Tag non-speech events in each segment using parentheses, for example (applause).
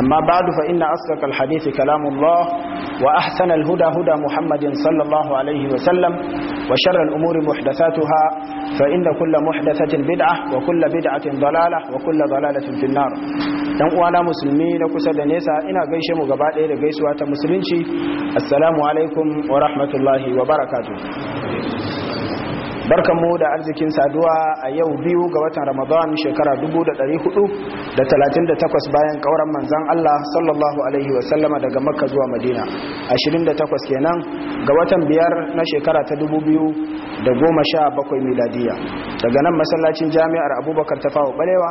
أما بعد فإن أصدق الحديث كلام الله وأحسن الهدى هدى محمد صلى الله عليه وسلم وشر الأمور محدثاتها فإن كل محدثة بدعة وكل بدعة ضلالة وكل ضلالة في النار dan uwana musulmi na kusa da nesa ina gaishe mu gaba ɗaya da gaisuwa ta musulunci assalamu alaikum wa rahmatullahi wa barakatuh mu da arzikin saduwa a yau biyu ga watan ramadan shekara 438 bayan kauran manzan Allah sallallahu alaihi wasallama daga makka zuwa madina 28 kenan ga watan biyar na shekara ta 2017 miladiya daga nan masallacin jami'ar abubakar ta fawo balewa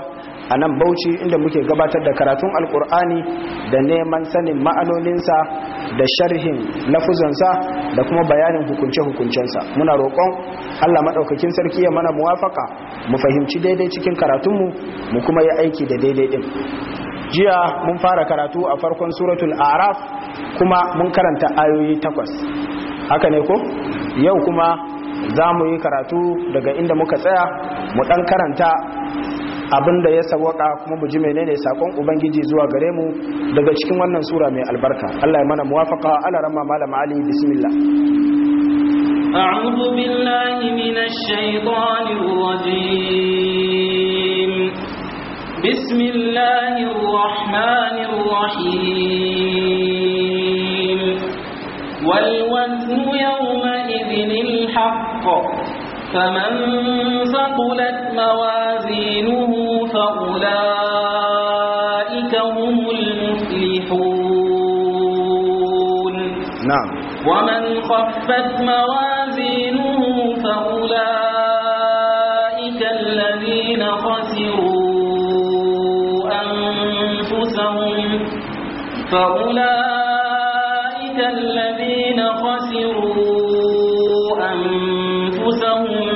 a nan bauchi inda muke gabatar da karatun alkur'ani da neman sanin ma'anoninsa da sharhin lafuzansa da kuma bayanin hukunce-hukuncensa muna roƙon Allah madaukakin sarki ya mana muwafaka mu fahimci daidai cikin karatunmu mu kuma yi aiki da daidai din jiya mun fara karatu a farkon suratul araf kuma mun karanta ayoyi takwas haka ne ko yau kuma za mu yi karatu daga inda muka tsaya mu dan karanta abin da ya sawaka kuma mu ji menene sakon ubangiji zuwa gare mu daga cikin wannan sura mai albarka Allah ya mana muwafaqa ala ramma malam ali bismillah أعوذ بالله من الشيطان الرجيم بسم الله الرحمن الرحيم والوزن يومئذ الحق فمن ثقلت موازينه فأولئك هم المفلحون نعم ومن خفت موازينه فأولئك الذين خسروا أنفسهم فأولئك الذين خسروا أنفسهم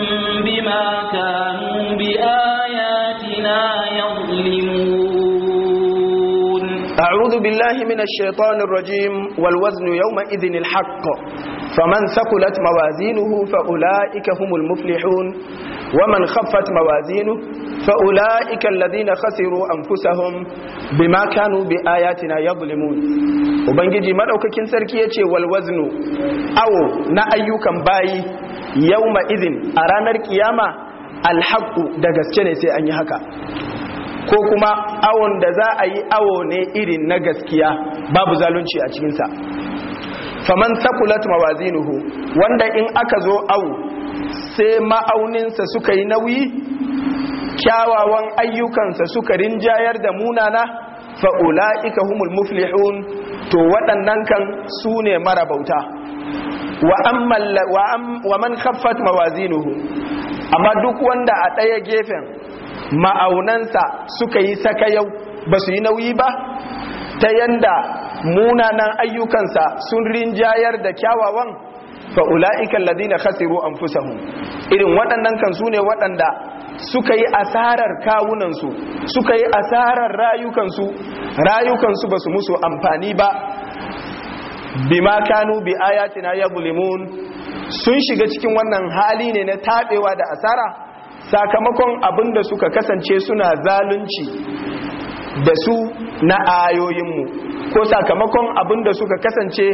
بما كانوا بآياتنا يظلمون أعوذ بالله من الشيطان الرجيم والوزن يومئذ الحق فمن ثقلت موازينه فأولئك هم المفلحون ومن خفت موازينه فأولئك الذين خسروا أنفسهم بما كانوا بآياتنا يظلمون وبنجي مرأوك سركي يچه والوزن أو نا أيوكان باي يومئذ أرانا الكيامة الحق da gaske ne sai ko kuma awon da za a yi awo ne irin na gaskiya babu zalunci a cikinsa faman takulat mawazinuhu wanda in aka zo au sai ma'auninsa suka yi nauyi kyawawan ayyukansa suka rinjayar da munana fa'ula'ika humul muflihun to waɗannan kan su ne marabauta wa man khaffat mawazinuhu amma duk wanda a ɗaya gefen ma'aunansa suka yi sakayau ba su yi nauyi ba ta yanda munanan ayyukansa sun rinjayar da kyawawan fa ula'ika alladhina khasiru anfusahum irin waɗannan kan su ne waɗanda suka yi asarar kawunansu suka yi asarar rayukansu rayukansu basu musu amfani ba bima kanu bi ayatina yaghlimun sun shiga cikin wannan hali ne na taɓewa da asara sakamakon abinda suka kasance suna zalunci da su na ayoyinmu ko sakamakon abin da suka kasance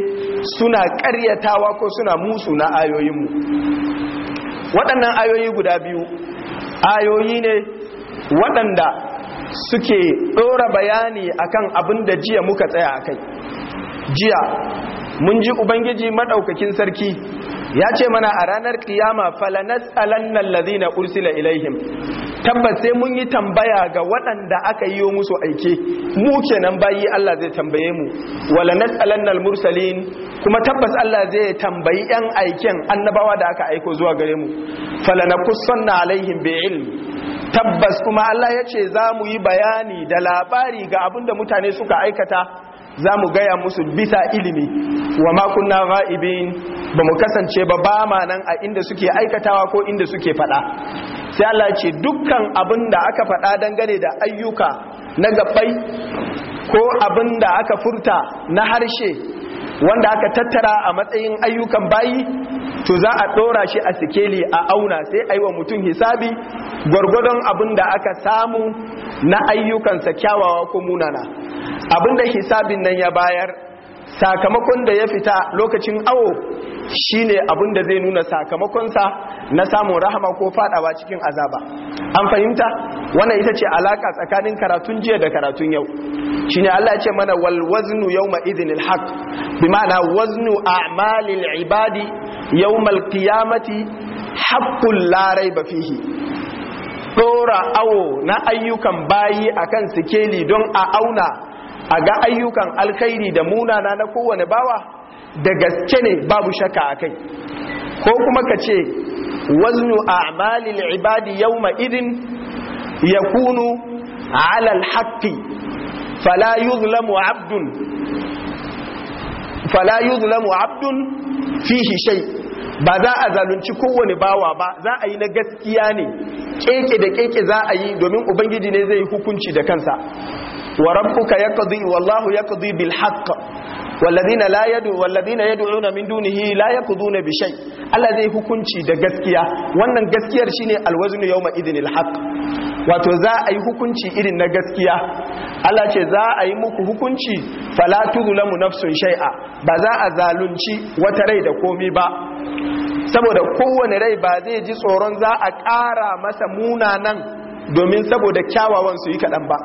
suna karyatawa ko suna musu na ayoyinmu waɗannan ayoyi guda biyu ayoyi ne waɗanda suke ɗora bayani akan abin da jiya muka tsaya a kai jiya mun ji ubangiji maɗaukakin sarki ya ce mana a ranar kiyama alannan lazina ursila ilaihim tabbas sai mun yi tambaya ga waɗanda aka yi musu aike mu kenan bayi Allah zai tambaye mu walanas'alanna mursalin kuma tabbas Allah zai tambayi yan aiken annabawa da aka aiko zuwa gare mu falanakussanna alaihim bi'ilm tabbas kuma Allah ya ce za mu yi bayani da labari ga abinda mutane suka aikata za mu gaya musu bisa ilimi wa makunna ra'ibin ba mu kasance ba ba ma nan a inda suke aikatawa ko inda suke faɗa sai Allah ce dukkan abin da aka faɗa dangane da ayyuka na gabbai ko abin da aka furta na harshe wanda aka tattara a matsayin ayyukan bayi to za a ɗora shi a sikeli a auna sai aiwa mutum hisabi gwargwadon abin da aka samu na ayyukansa kyawawa ko munana abin da hisabin nan ya bayar sakamakon da ya fita lokacin awo shine abin da zai nuna sakamakonsa na samun rahama ko fadawa cikin azaba an fahimta wannan ita ce alaka tsakanin karatun jiya da karatun yau shine Allah ya ce mana wal waznu yawma izini haq bi ma'ana waznu a'malil ibadi yawmal qiyamati haqqul Larai raiba fihi dora awo na ayyukan bayi akan sikeli don a auna a ga ayyukan alkhairi da munana na kowane bawa da gaske ne babu shaka a kai ko kuma ka ce waznu a'malil ibadi yawma idin yakunu ala alhaqqi fala yuzlamu 'abdun fala yuzlamu 'abdun fihi shay ba za a zalunci kowane bawa ba za a yi na gaskiya ne keke da keke za a yi domin ubangiji ne zai hukunci da kansa wa rabbuka yaqdi wallahu yaqdi bil haqq والذين لا يدعو والذين يدعون من دونه لا يقضون بشيء Allah zai hukunci da gaskiya wannan gaskiyar shine alwaznu yawma idinil alhaq. wato za a yi hukunci irin na gaskiya Allah ce za a yi muku hukunci fala tuzlamu nafsun shay'a ba za a zalunci wata rai da komi ba saboda kowane rai ba zai ji tsoron za a ƙara masa munanan domin saboda kyawawan su yi kaɗan ba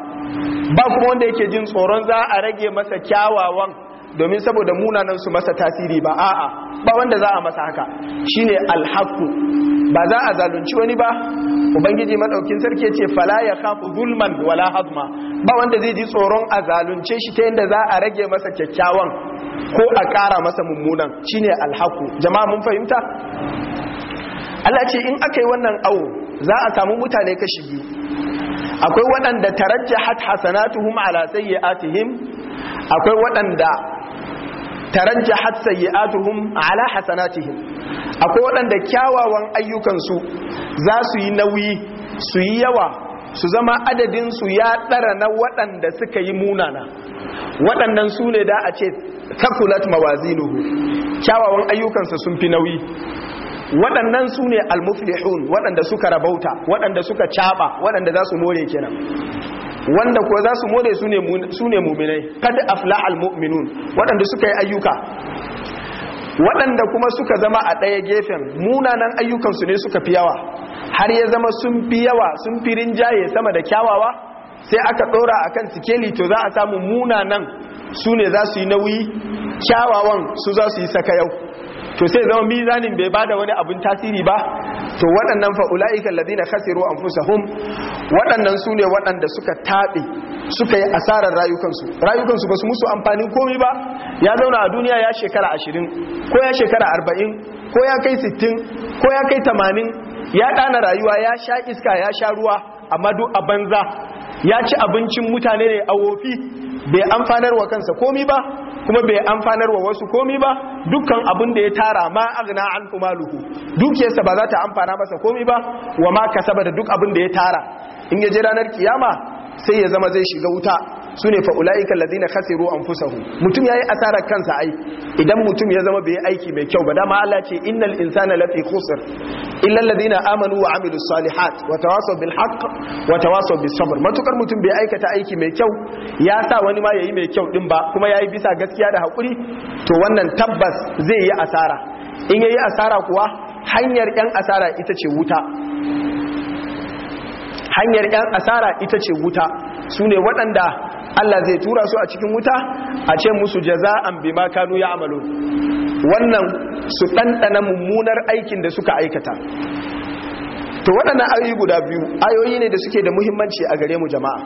ba kuma wanda yake jin tsoron za a rage masa kyawawan domin saboda munanan su masa tasiri ba a'a ba wanda za a masa haka shine alhaku ba za a zalunci wani ba ubangiji madaukin sarki ce fala ya khafu zulman wala hazma ba wanda zai ji tsoron a zalunce shi ta yadda za a rage masa kyakkyawan ko a ƙara masa mummunan shine alhaku jama'a mun fahimta Allah ce in aka yi wannan awo za a samu mutane kashi biyu akwai waɗanda tarajjahat hasanatuhum ala sayyi'atihim akwai waɗanda tarajjahat sayyi'atuhum ala hasanatihim akwai waɗanda kyawawan ayyukansu za su yi nauyi su yi yawa su zama adadin su ya ɗara na waɗanda suka yi munana waɗannan su ne da a ce takulat mawazinuhu kyawawan ayyukansa sun fi nauyi waɗannan su ne almuflihun waɗanda suka rabauta waɗanda suka caɓa waɗanda za su more kenan wanda ko za su more su ne muminai kada afla almu'minun waɗanda suka yi ayyuka waɗanda kuma suka zama a ɗaya gefen munanan ayyukansu ne suka fi yawa har ya zama sun fi yawa sun fi rinjaye sama da kyawawa sai aka ɗora a kan sikeli to za a samu munanan su ne za su yi nauyi kyawawan su za su yi saka yau? to sai zama mizanin bai bada wani abin tasiri ba to waɗannan fa'ula'ika fa ulaika an fusa anfusahum waɗannan su ne waɗanda suka taɓe suka yi asarar rayukansu rayukansu ba su musu amfanin komi ba ya zauna a duniya ya shekara ashirin, ko ya shekara arba'in, ko ya kai sittin, ko ya kai tamanin. ya ɗana rayuwa ya sha iska ya sha ruwa amma duk a banza ya ci abincin mutane ne a wofi bai amfanar wa kansa komi ba kuma bai amfanar wa wasu komi ba dukkan abin da ya tara ma agna an maluhu dukiyarsa ba za ta amfana masa komi ba wa ma kasaba da duk abin da ya tara in ya je ranar kiyama sai ya zama zai shiga wuta su ne fa'ula'ikan lazina khasiru an fusahu mutum ya yi asarar kansa ai idan mutum ya zama bai aiki mai kyau ba dama Allah ce innal insana lafi khusr illal ladina amanu wa amilu salihat wa tawasaw bil haqq wa tawasaw bis sabr matukar mutum bai aikata aiki mai kyau ya sa wani ma yayi mai kyau din ba kuma yayi bisa gaskiya da hakuri to wannan tabbas zai yi asara in yayi asara kuwa hanyar yan asara ita ce wuta hanyar yan asara ita ce wuta su ne waɗanda Allah zai tura su a cikin wuta a ce musu jaza'an bima kanu ya amalo wannan su ɗanɗana mummunar aikin da suka aikata to waɗannan ayoyi guda biyu ayoyi ne da suke da muhimmanci a gare mu jama'a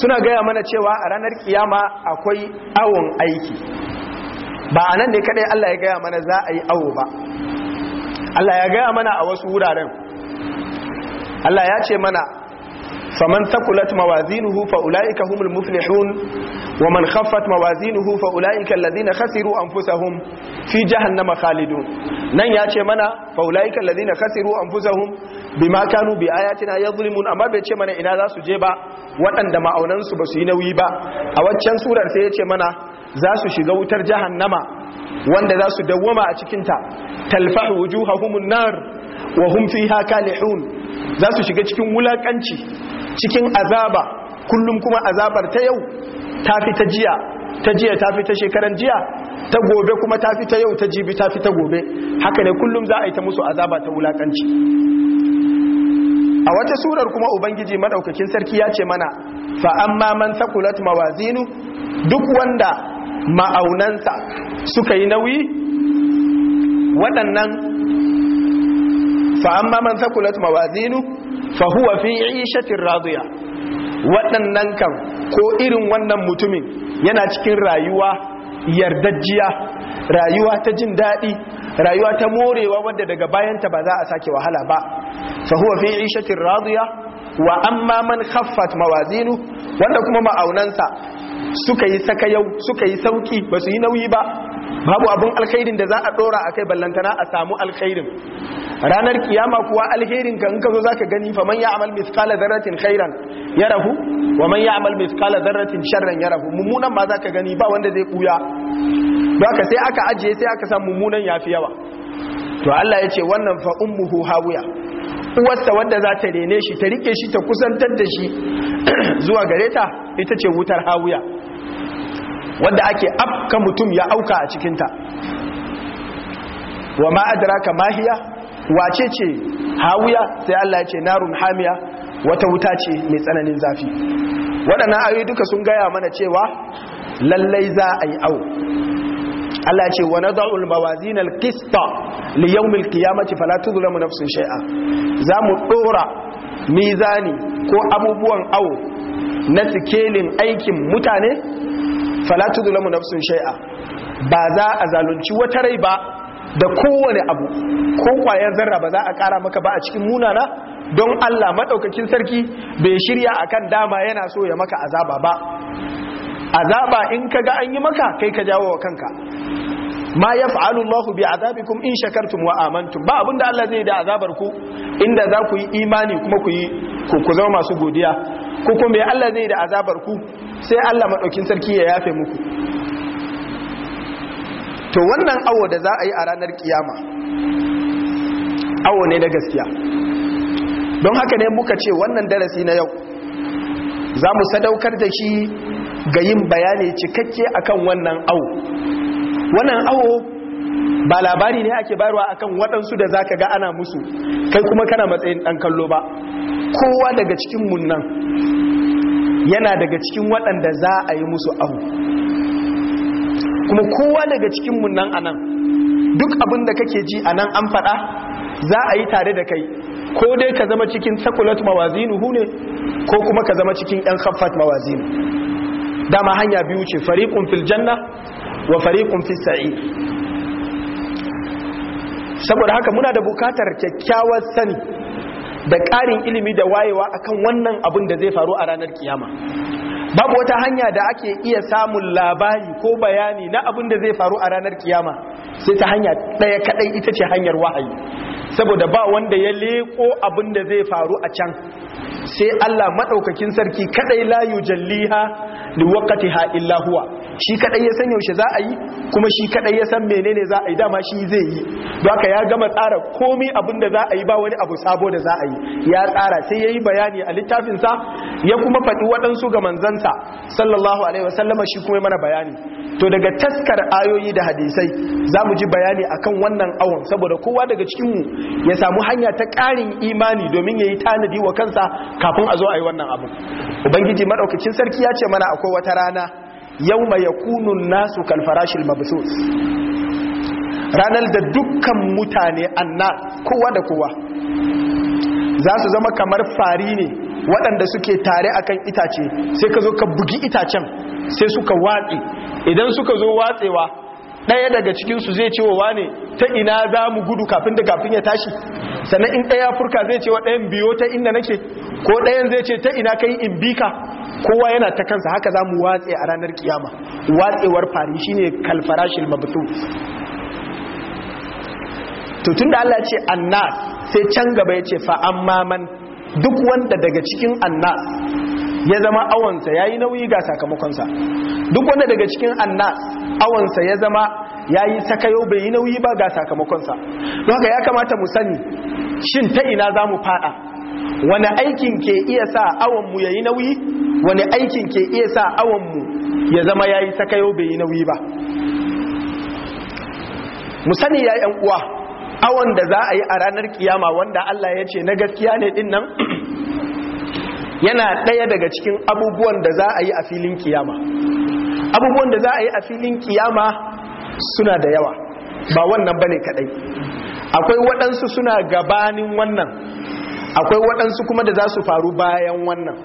suna gaya mana cewa a ranar kiyama akwai awon aiki ba a nan ne kaɗai Allah ya gaya mana za a yi awo ba Allah ya gaya mana a wasu wuraren Allah ya ce mana faman thaqulat mawazinuhu fa ulaika humul muflihun waman man khaffat mawazinuhu fa ulaika alladhina khasiru anfusahum fi jahannama khalidun nan ya ce mana fa ulaika alladhina khasiru anfusahum bima kanu bi ayatina yadhlimun amma bai ce mana ina za su je ba waɗanda ma'aunan su basu yi nauyi ba a waccan surar sai ya ce mana za su shiga wutar jahannama wanda za su dawwama a cikinta talfahu wujuhahum nar wa hum fiha kalihun za su shiga cikin wulakanci cikin azaba kullum kuma azabar ta yau ta fi ta jiya ta jiya ta fi ta shekaran jiya ta gobe kuma ta fi ta yau ta jibi ta fi ta gobe haka ne kullum za a yi ta musu azaba ta wulakanci a wata surar kuma ubangiji madaukakin sarki ya ce mana fa amma man sakulat mawazinu duk wanda ma'aunansa suka yi nauyi waɗannan fa amma man thaqulat mawazinu fa huwa fi 'ishatin radiya waɗannan kan ko irin wannan mutumin yana cikin rayuwa yardajjiya rayuwa ta jin daɗi rayuwa ta morewa wadda daga bayanta ba za a sake wahala ba fa huwa fi 'ishatin raduya wa amma man khaffat mawazinu wanda kuma ma'aunansa suka yi saka yau suka yi sauki ba su yi nauyi ba babu abun alkhairin da za a dora kai ballantana a samu alkhairin ranar kiyama kuwa alkhairin ka in ka zo zaka gani fa man ya'mal mithqala dharratin khairan yarahu wa man ya'mal mithqala dharratin sharran yarahu mummunan ma zaka gani ba wanda zai kuya haka sai aka ajiye sai aka san mummunan yafi yawa to Allah ya ce wannan fa ummuhu hawiya uwarsa wanda za ta rene shi ta rike shi ta kusantar da shi (clears throat) zuwa gareta ita ce wutar hawiya wadda ake afka mutum ya auka a cikinta wa ma adraka mahiya wace ce hawiya sai Allah ya ce narun hamiya wata wuta ce mai tsananin zafi waɗannan ayoyi duka sun gaya mana cewa lallai za a yi au Allah ce wa nada'ul mawazin al-qista li yawm al-qiyamati fala tudlamu nafsun shay'a za mu dora mizani ko abubuwan au na sikelin aikin mutane Falatu tudlamu nafsun Shai'a ba za a zalunci wata rai ba da kowane abu ko kwayar zarra ba za a kara maka ba a cikin munana don Allah madaukakin sarki bai shirya akan dama yana so ya maka azaba ba azaba in kaga an yi maka kai ka jawo wa kanka ma yaf'alu Allahu bi azabikum in shakartum wa amantum ba abinda Allah zai da azabar ku inda za ku yi imani kuma ku yi ku zama masu godiya ko kuma Allah zai da azabar ku sai Allah maɗaukin sarki ya yafe muku to wannan awo da za a yi a ranar kiyama awo ne na gaskiya don haka ne muka ce wannan darasi na yau za mu sadaukar da shi ga yin bayani cikakke akan wannan awo wannan awo ba labari ne ake bayarwa akan waɗansu da zaka ga ana musu kai kuma kana matsayin ɗan kallo ba kowa daga cikin mun yana daga cikin waɗanda za a yi musu awo kuma kowa daga cikin a nan duk abin da kake ji anan an faɗa za a yi tare da kai ko dai ka zama cikin sakulat mawazinu ne ko kuma ka zama cikin yan khaffat mawazinu dama hanya biyu ce fariqun fil wa fariqun fi sa'i saboda haka muna da bukatar kyakkyawar sani da ƙarin ilimi da wayewa akan wannan abin da zai faru a ranar kiyama babu wata hanya da ake iya samun labari ko bayani na abin da zai faru a ranar kiyama sai ta hanya ɗaya kaɗai ita ce hanyar wahayi saboda ba wanda ya leko abin da zai faru a can sai Allah maɗaukakin sarki kaɗai layu jalliha da wakati ha illa shi kadai ya san yaushe za a yi kuma shi kadai ya san menene za a yi dama shi zai yi don haka ya gama tsara komai abin da za a yi ba wani abu sabo da za a yi ya tsara sai ya yi bayani a littafin sa ya kuma faɗi waɗansu ga manzansa sallallahu alaihi wasallama shi kuma mana bayani to daga taskar ayoyi da hadisai za mu ji bayani akan wannan awon saboda kowa daga cikin mu ya samu hanya ta ƙarin imani domin ya yi tanadi wa kansa kafin a zo a yi wannan abu ubangiji maɗaukacin sarki ya ce mana akwai wata rana yawma kunun nasu kan farashin ranar da dukkan mutane anna kowa da kowa za su zama kamar fari ne waɗanda suke tare akan itace sai ka zo ka bugi itacen sai suka watsi idan suka zo watsewa ɗaya daga cikinsu zai ce wa wane ta ina za mu gudu kafin da kafin ya tashi sannan in ɗaya furka zai ce wa ɗayan biyo ta inda nake ko ɗayan zai ce ta ina kai in bika? kowa yana ta kansa haka za mu watse a ranar kiyama watsewar fari shine kalfarashin mabutu to tun da Allah ce anna sai can gaba ya ce amma man duk wanda daga cikin anna. ya zama awansa ya yi nauyi ga sakamakonsa duk wanda daga cikin annas awansa ya zama ya yi sakayo bai yi nauyi ba ga sakamakonsa don haka ya kamata mu sani shin ta ina za mu fada wani aikin ke iya sa awonmu ya yi nauyi wani aikin ke iya sa awonmu ya zama ya yi sakayo bai yi nauyi ba mu sani ya yan uwa awon da za a yi a ranar kiyama wanda Allah ya ce na gaskiya ne dinnan? yana ɗaya daga cikin abubuwan da za a yi a filin kiyama abubuwan da za a yi a filin kiyama suna da yawa ba wannan bane kadai akwai waɗansu suna gabanin wannan akwai waɗansu kuma da za su faru bayan wannan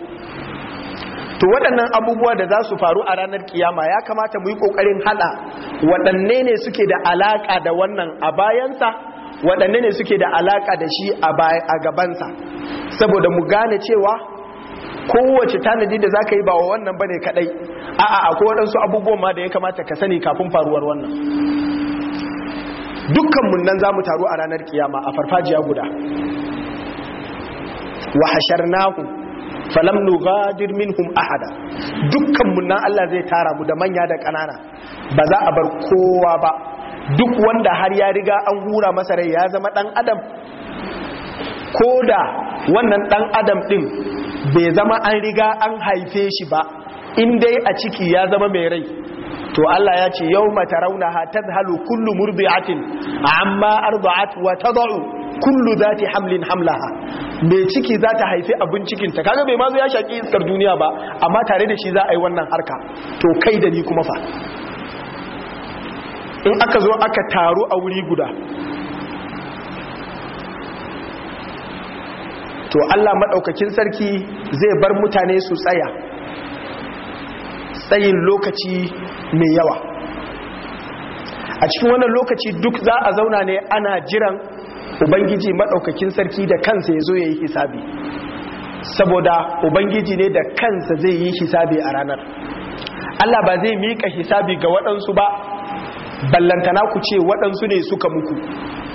to waɗannan abubuwa da za su faru a ranar kiyama ya kamata mu yi ƙoƙarin haɗa waɗanne ne suke da alaƙa da wannan a bayansa waɗanne ne suke da alaƙa da shi a gabansa saboda mu gane cewa kowace tanadi da zaka yi ba wa wannan bane kadai a'a akwai wadansu abubuwan ma da ya kamata ka sani kafin faruwar wannan dukkan mun nan zamu taru a ranar kiyama a farfajiya guda wa hasharnahu falam nughadir minhum ahada dukkan mun nan Allah zai tara mu da manya da kanana ba za a bar kowa ba duk wanda har ya riga an hura masa rai ya zama dan adam ko wannan dan adam din bai zama an riga an haife shi ba in dai a ciki ya zama mai rai to Allah ya ce yau mata rauna ha ta kullu murbi'atin amma arba'at wa ta za'u kullu za ta hamlin hamlaha mai ciki za ta haifi abin cikinta kaga bai mazu ya shaƙi iskar duniya ba amma tare da shi za a yi wannan harka to kai da ni kuma fa in aka zo aka taru a wuri guda to Allah maɗaukakin sarki zai bar mutane su tsaya tsayin lokaci mai yawa a cikin wannan lokaci duk za a zauna ne ana jiran ubangiji maɗaukakin sarki da kansa ya zo ya yi hisabi saboda ubangiji ne da kansa zai yi hisabi a ranar Allah ba zai miƙa hisabi ga waɗansu ba ballantana ku ce waɗansu ne suka muku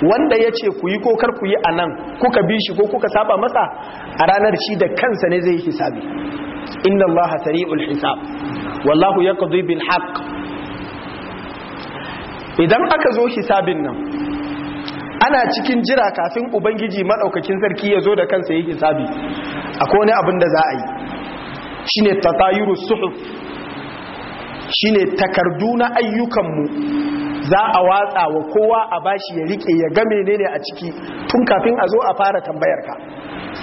wanda ya ce ku yi ko kar ku yi a nan kuka bi shi ko kuka saba masa a ranar shi da kansa ne zai hisabi inna allaha sari'ul hisab wallahu yaqdi bil haqq idan aka zo hisabin nan ana cikin jira kafin ubangiji madaukakin sarki ya zo da kansa yi hisabi akwai wani abin da za a yi shine tatayuru suhuf shine takardu na ayyukanmu za a watsa wa kowa a bashi ya rike ya ga menene a ciki tun kafin a zo a fara tambayar ka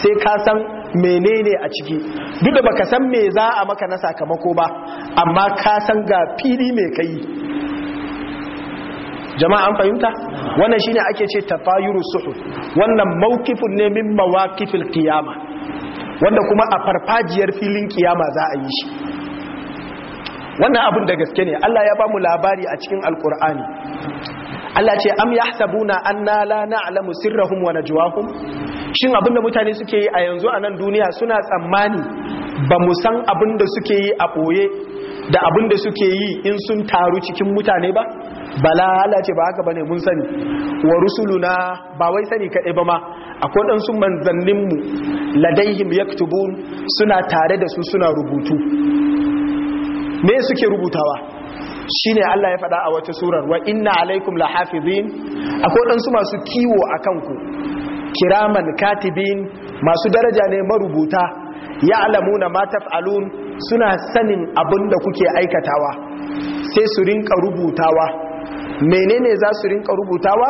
sai ka san menene a ciki duk da baka san me za a maka na sakamako ba amma ka san ga fili mai kai jama'a an fahimta wannan shine ake ce tafayuru suhu, wannan mawqifun ne min mawaqifil kiyama, wanda kuma a farfajiyar filin kiyama za a yi shi wannan abin da gaske ne Allah ya ba mu labari a cikin alkur'ani Allah ce am yahsabuna anna la na'lamu sirrahum wa najwahum shin abin da mutane suke yi a yanzu a nan duniya suna tsammani ba mu san abin da suke yi a ɓoye da abin da suke yi in sun taru cikin mutane ba bala Allah ce ba haka bane mun sani wa rusuluna ba wai sani kaɗai ba ma akwai ɗansu manzanninmu ladaihim yaktubun suna tare da su suna rubutu me suke rubutawa shine Allah ya faɗa a wata surar wa inna alaikum lahafizin akwai ɗansu masu kiwo a kanku kiraman katibin masu daraja ne marubuta ya na ma taf'alun suna sanin abin da kuke aikatawa sai su rinka rubutawa menene za su rinka rubutawa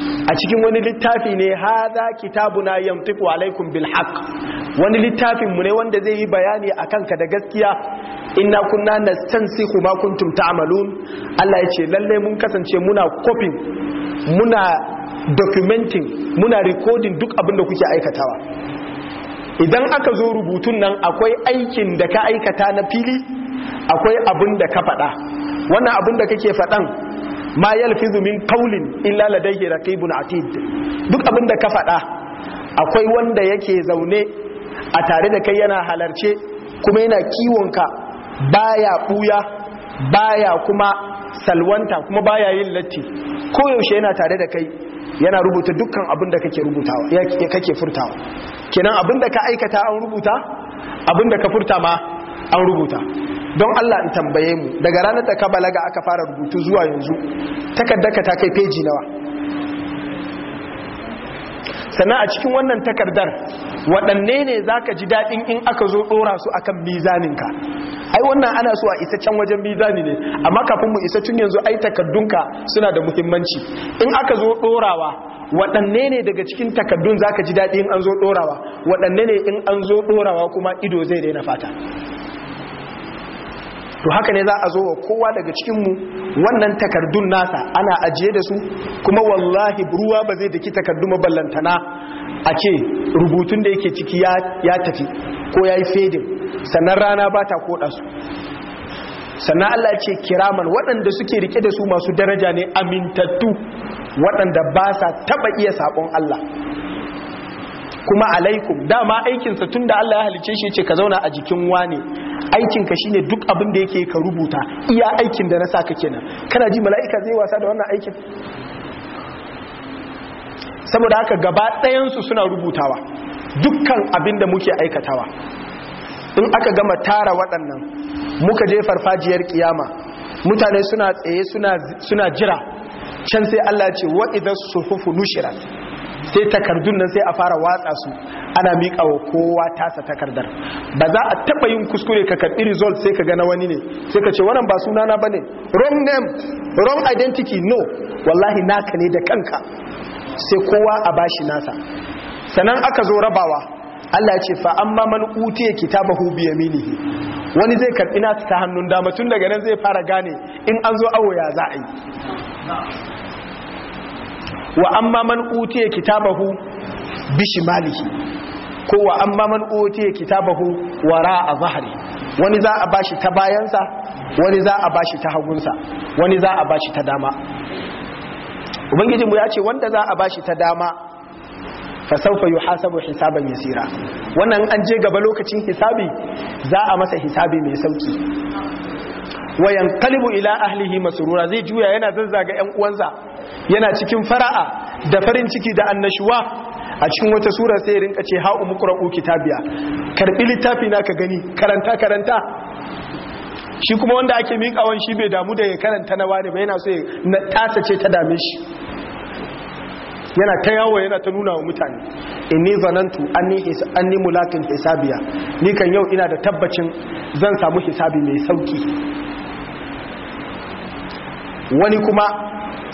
a cikin wani littafi ne haza kitabuna yamtiku alaikum bil haqq wani littafin mu ne wanda zai yi bayani akan ka da gaskiya inna kunna nastansikhu ma kuntum ta'malun Allah ya ce lallai mun kasance muna kofin muna documenting muna recording duk abin da kuke aikatawa idan aka zo rubutun nan akwai aikin da ka aikata na fili akwai abin da ka faɗa wannan abin da kake faɗan ma yalfizu min qawlin illa ladayhi raqibun atid duk abin da ka faɗa akwai wanda yake zaune a tare da kai yana halarce kuma yana kiwonka baya buya baya kuma salwanta kuma baya yin latti Ko yaushe yana tare da kai yana rubuta dukkan abin da kake rubutawa ya kake furtawa kenan abin da ka aikata an rubuta abin da ka furta ma an rubuta don Allah in tambaye mu daga ranar da ka balaga aka fara rubutu zuwa yanzu ka ta kai feji nawa sannan a cikin wannan takardar waɗanne ne za ka ji daɗin in aka zo ɗora su a kan mizaninka ai wannan ana so a isa can wajen bizani ne amma kafin mu isa tun yanzu ai takardunka suna da muhimmanci in aka zo ɗorawa waɗanne ne daga cikin takardun za ka ji daɗi in an zo ɗorawa waɗanne ne in an zo ɗorawa kuma ido zai daina fata to haka ne za a zo wa kowa daga cikinmu wannan takardun nasa ana ajiye da su kuma wallahi ruwa ba zai daki takardu maballantana a ce rubutun da yake ciki ya tafi ko ya yi fedin sannan rana ba ta koɗa su sannan Allah ce kiraman waɗanda suke rike da su masu daraja ne amintattu waɗanda ba sa taɓa iya saƙon Allah kuma alaikum dama aikinsa tun da Allah ya halice shi ce ka zauna a jikin wane aikinka shine duk abin da yake ka rubuta iya aikin da na sa ka kenan kana ji mala'ika zai wasa da wannan aikin saboda haka gaba ɗayansu suna rubutawa dukkan abin da muke aikatawa in aka gama tara waɗannan muka je farfajiyar kiyama mutane suna tsaye suna jira can sai Allah ce wa idan suhufu nushirat sai takardun nan sai a fara watsa su ana miƙa wa kowa tasa takardar ba za a taɓa yin kuskure ka karɓi result sai ka ga na wani ne sai ka ce wannan ba sunana bane wrong name wrong identity no wallahi naka ne da kanka sai kowa a bashi nasa sannan aka zo rabawa Allah ya ce fa amma man utiya kitabahu bi yaminihi wani zai karɓi nasa ta hannun dama tun daga nan zai fara gane in an zo awo ya za a yi wa amma man utiye kitabahu bishimalihi ko wa amma man utiye kitabahu wara'a zahari wani za a bashi ta bayansa wani za a bashi ta hagunsa wani za a bashi ta dama ubangijinmu ya ce wanda za a bashi ta dama fasaufa yi hasabu hisaban yasira wannan an je gaba lokacin hisabi za a masa hisabi mai sauki wayan kalibu ila ahlihi masurura zai juya yana zazzaga 'yan uwansa yana cikin fara'a da farin ciki da annashuwa a cikin wata sura sai rinka ce ha umqra'u kitabiya karbi littafi naka gani karanta karanta shi kuma wanda ake miƙawan shi bai damu da ya karanta na wani ba yana so ya tasa ce ta dame shi yana ta yawo yana ta nuna wa mutane inni zanantu anni mulakin hisabiya ni kan yau ina da tabbacin zan samu hisabi mai sauki wani kuma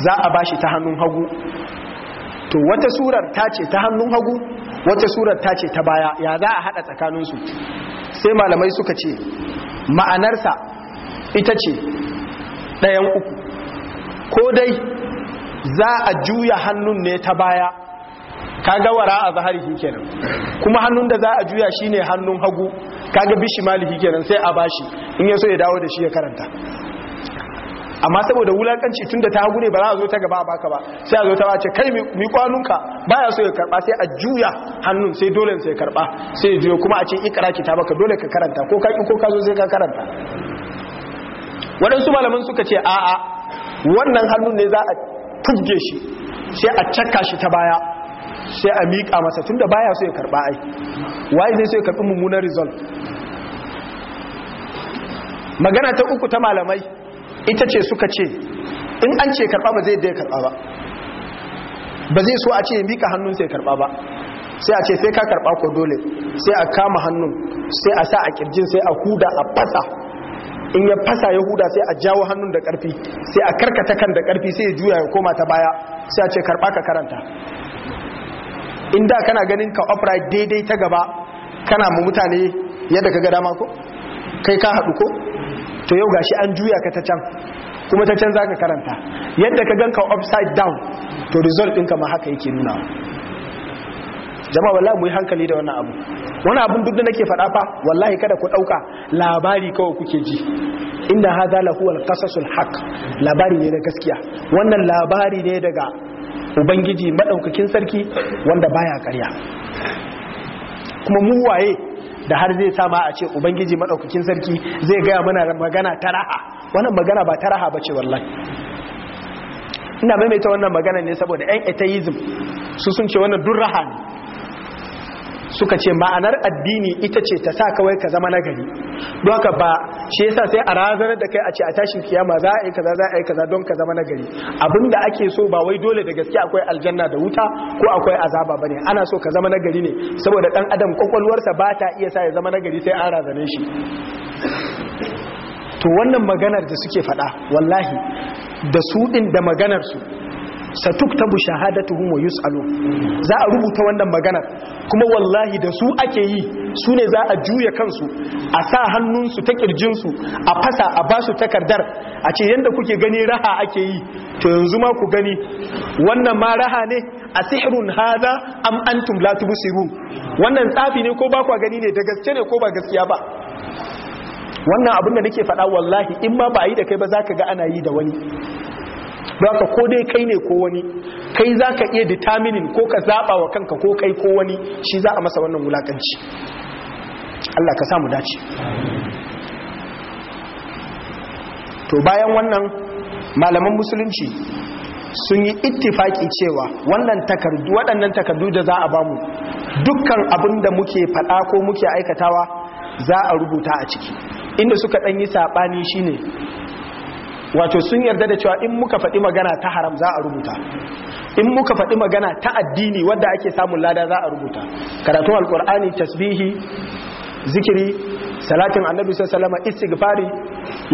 za a bashi ta hannun hagu to wata surar ta ce ta hannun hagu wata surar ta ce ta baya ya za a hada su sai malamai suka ce ma'anarsa ita ce ɗayan uku ko dai za a juya hannun ne ta baya kaga wara a zaharihi kenan kuma hannun da za a juya shine hannun hagu kaga bishi malihi kenan sai a bashi in ya so ya dawo da shi ya karanta amma saboda wulakanci tunda ta hagu ne ba za a zo ta gaba baka ba sai a zo ta bace kai mi kwanunka baya so ya karba sai a juya hannun sai dole sai karba sai juyo kuma a ce ikra kitabaka dole ka karanta ko ka ko ka zo sai ka karanta waɗansu malaman suka ce a'a wannan hannun ne za a tubge shi sai a cakka shi ta baya sai a miƙa masa tunda baya so ya karba ai wai zai so ya karbi mummunan result magana ta uku ta malamai ita ce suka ce in an ce karba ba zai da ya karba ba ba zai so a ce ya mika hannun sai karba ba sai a ce sai ka karba ko dole sai a kama hannun sai a sa a kirjin sai a huda a fasa in ya fasa ya huda sai a jawo hannun da karfi sai a karkata kan da karfi sai ya juya ya koma ta baya sai a ce karba ka karanta in inda kana ganin ka upright daidai ta gaba kana mu mutane yadda ka ga dama ko kai ka haɗu ko to yau gashi an juya ka ta can kuma ta can zaka karanta yadda ka ganka upside down to result ɗinka ma haka yake nuna jama'a wallahi mu yi hankali da wannan abu wannan abun duk da nake faɗa fa wallahi kada ku ɗauka labari kawai kuke ji inna hadha lahu al-qasasul haqq labari ne na gaskiya wannan labari ne daga ubangiji madaukakin sarki wanda baya ƙarya kuma mu waye da har zai sama a ce ubangiji madaukakin sarki zai gaya mana magana ta raha wannan magana ba ta raha bace wallahi ina maimaita wannan magana ne saboda yan atheism su sun ce wannan dun raha ne suka ce ma'anar addini ita ce ta sa kawai ka zama nagari don ka ba shi yasa sai a razanar da kai a ce a tashin kiyama za a yi kaza za a yi kaza don ka zama nagari Abin da ake so ba wai dole da gaske akwai aljanna da wuta ko akwai azaba bane ana so ka zama nagari ne saboda dan adam kwakwalwarsa ba ta iya sa ya zama nagari sai an razane shi to wannan maganar da suke faɗa wallahi da su ɗin da maganar su satuktabu shahadatuhum wa yus'alu za a rubuta wannan magana kuma wallahi da su ake yi su ne za a juya kansu a sa hannunsu ta kirjinsu a fasa a basu takardar a ce yanda kuke gani raha ake yi to yanzu ma ku gani wannan ma raha ne a sihirun hada am antum la tubsirun wannan tsafi ne ko ba ku gani ne da gaske ne ko ba gaskiya ba wannan abin da nake faɗa wallahi in ma ba a yi da kai ba za ka ga ana yi da wani don ka ko dai kai ne ko wani kai za ka iya determining ko ka zaɓa wa kanka ko kai ko wani shi za a masa wannan wulakanci Allah ka samu dace to bayan wannan malaman musulunci sun yi ittifaki cewa wannan takardu waɗannan takardu da za a bamu dukkan abin da muke faɗa ko muke aikatawa za a rubuta a ciki inda suka ɗan yi saɓani shine wato sun yarda da cewa in muka faɗi magana ta haram za a rubuta in muka faɗi magana ta addini wadda ake samun lada za a rubuta karatun alkur'ani tasbihi zikiri salatin annabi sallama istighfari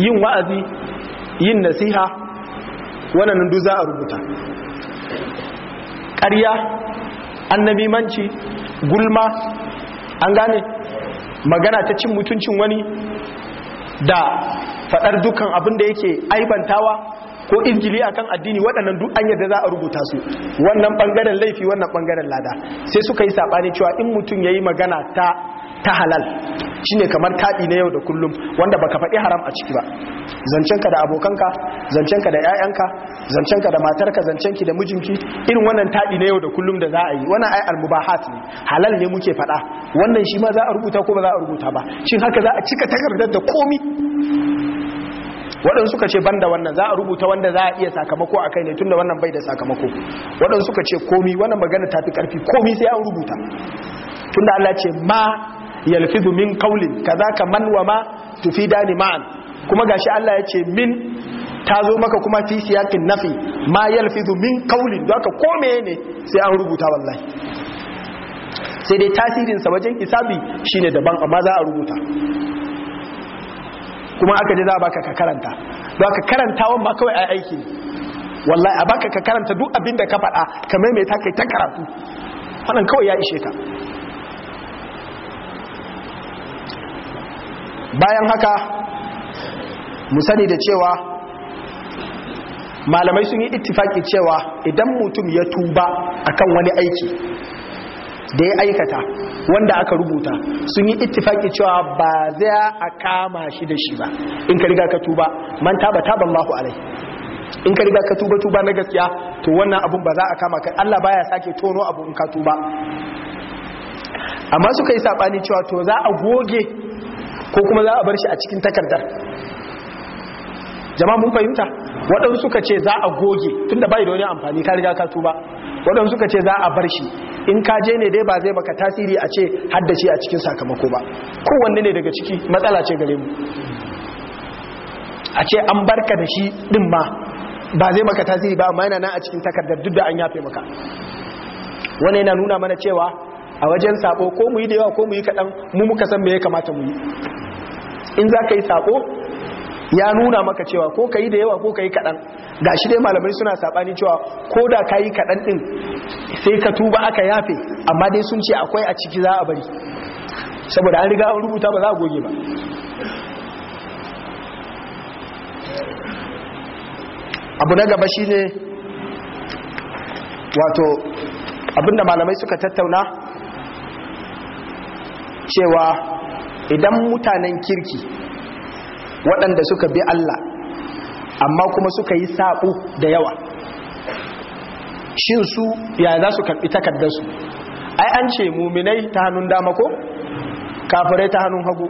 yin wa'azi yin nasiha wannan duk za a rubuta ƙarya manci gulma an gane magana ta cin mutuncin wani da faɗar dukkan abin da yake aibantawa ko injili akan addini waɗannan duk an yadda za a rubuta su wannan ɓangaren laifi wannan ɓangaren lada sai suka yi saɓani cewa in mutum ya yi magana ta ta halal ne kamar taɗi na yau da kullum wanda baka faɗi haram a ciki ba zancenka da abokanka zancenka da 'ya'yanka zancenka da matarka ki da mijinki irin wannan taɗi na yau da kullum da za a yi wannan ai almubahat ne halal ne muke faɗa wannan shi ma za a rubuta ko ba za a rubuta ba shin haka za a cika takardar da komi waɗansu suka ce ban da wannan za a rubuta wanda za a iya sakamako a kai ne tunda wannan bai da sakamako waɗansu suka ce komi wannan magana ta fi ƙarfi komi sai an rubuta tunda Allah ce ma yalfidu min qawlin kadhaka man wa ma tufidani ma'an kuma gashi Allah ya ce min ta zo maka kuma fi siyakin nafi ma yalfidu min qawlin don haka ko ne sai an rubuta wallahi sai dai tasirin sa wajen hisabi shine daban amma za a rubuta kuma aka je za a baka ka karanta don haka karantawan ba kawai ai aiki wallahi a baka ka karanta duk abin da ka faɗa ka maimaita kai ta karatu wannan kawai ya ishe ka bayan haka mu sani da cewa malamai sun yi ittifaki cewa idan mutum ya tuba akan wani aiki da ya aikata wanda aka rubuta sun yi ittifaki cewa ba zai a kama shi da shi ba in ka riga ka tuba man taba taban mahu alai in ka riga ka tuba tuba na gaskiya to wannan abun ba za a kama ka Allah baya sake tono abu in ka tuba amma suka yi sabani cewa to za a goge ko kuma za a bar shi a cikin takardar jama'a mun fahimta waɗansu suka ce za a goge da bai da wani amfani ka riga ka tuba waɗansu suka ce za a bar shi in ka je ne dai ba zai maka tasiri a ce haddace a cikin sakamako ba kowanne ne daga ciki matsala ce gare mu a ce an barka da shi din ma ba zai maka tasiri ba amma yana nan a cikin takardar duk da an yafe maka wani yana nuna mana cewa a wajen sabo ko mu yi da yawa ko mu yi kaɗan mu muka san me ya kamata mu yi in za ka yi sabo ya nuna maka cewa ko ka yi da yawa ko ka yi kaɗan ga shi dai malamai suna saɓani cewa ko da ka yi kaɗan ɗin sai ka tuba aka yafe amma dai sun ce akwai a ciki za a bari saboda an riga an rubuta ba za a goge ba abu na gaba shi ne wato abinda malamai suka tattauna cewa idan mutanen kirki waɗanda suka bi Allah amma kuma suka yi saɓo da yawa shin su ya za su karɓi takardarsu ai an ce muminai ta hannun dama ko kafirai ta hannun hagu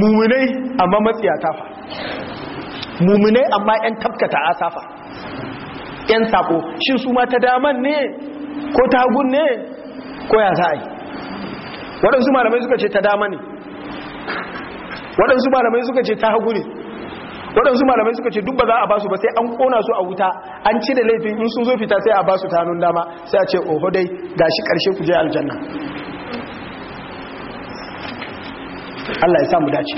muminai amma matsiya tafa muminai amma 'yan tafkata fa, 'yan saɓo shin su ma ta daman ne ko ta hagun ne ko ya za a yi waɗansu malamai suka ce ta dama ne waɗansu malamai suka ce ta hagu ne waɗansu malamai suka ce duk ba za a basu ba sai an kona su a wuta an ci da laifin in sun zo fita sai a basu ta hannun dama sai a ce oho dai gashi ƙarshe ku je aljanna Allah ya samu dace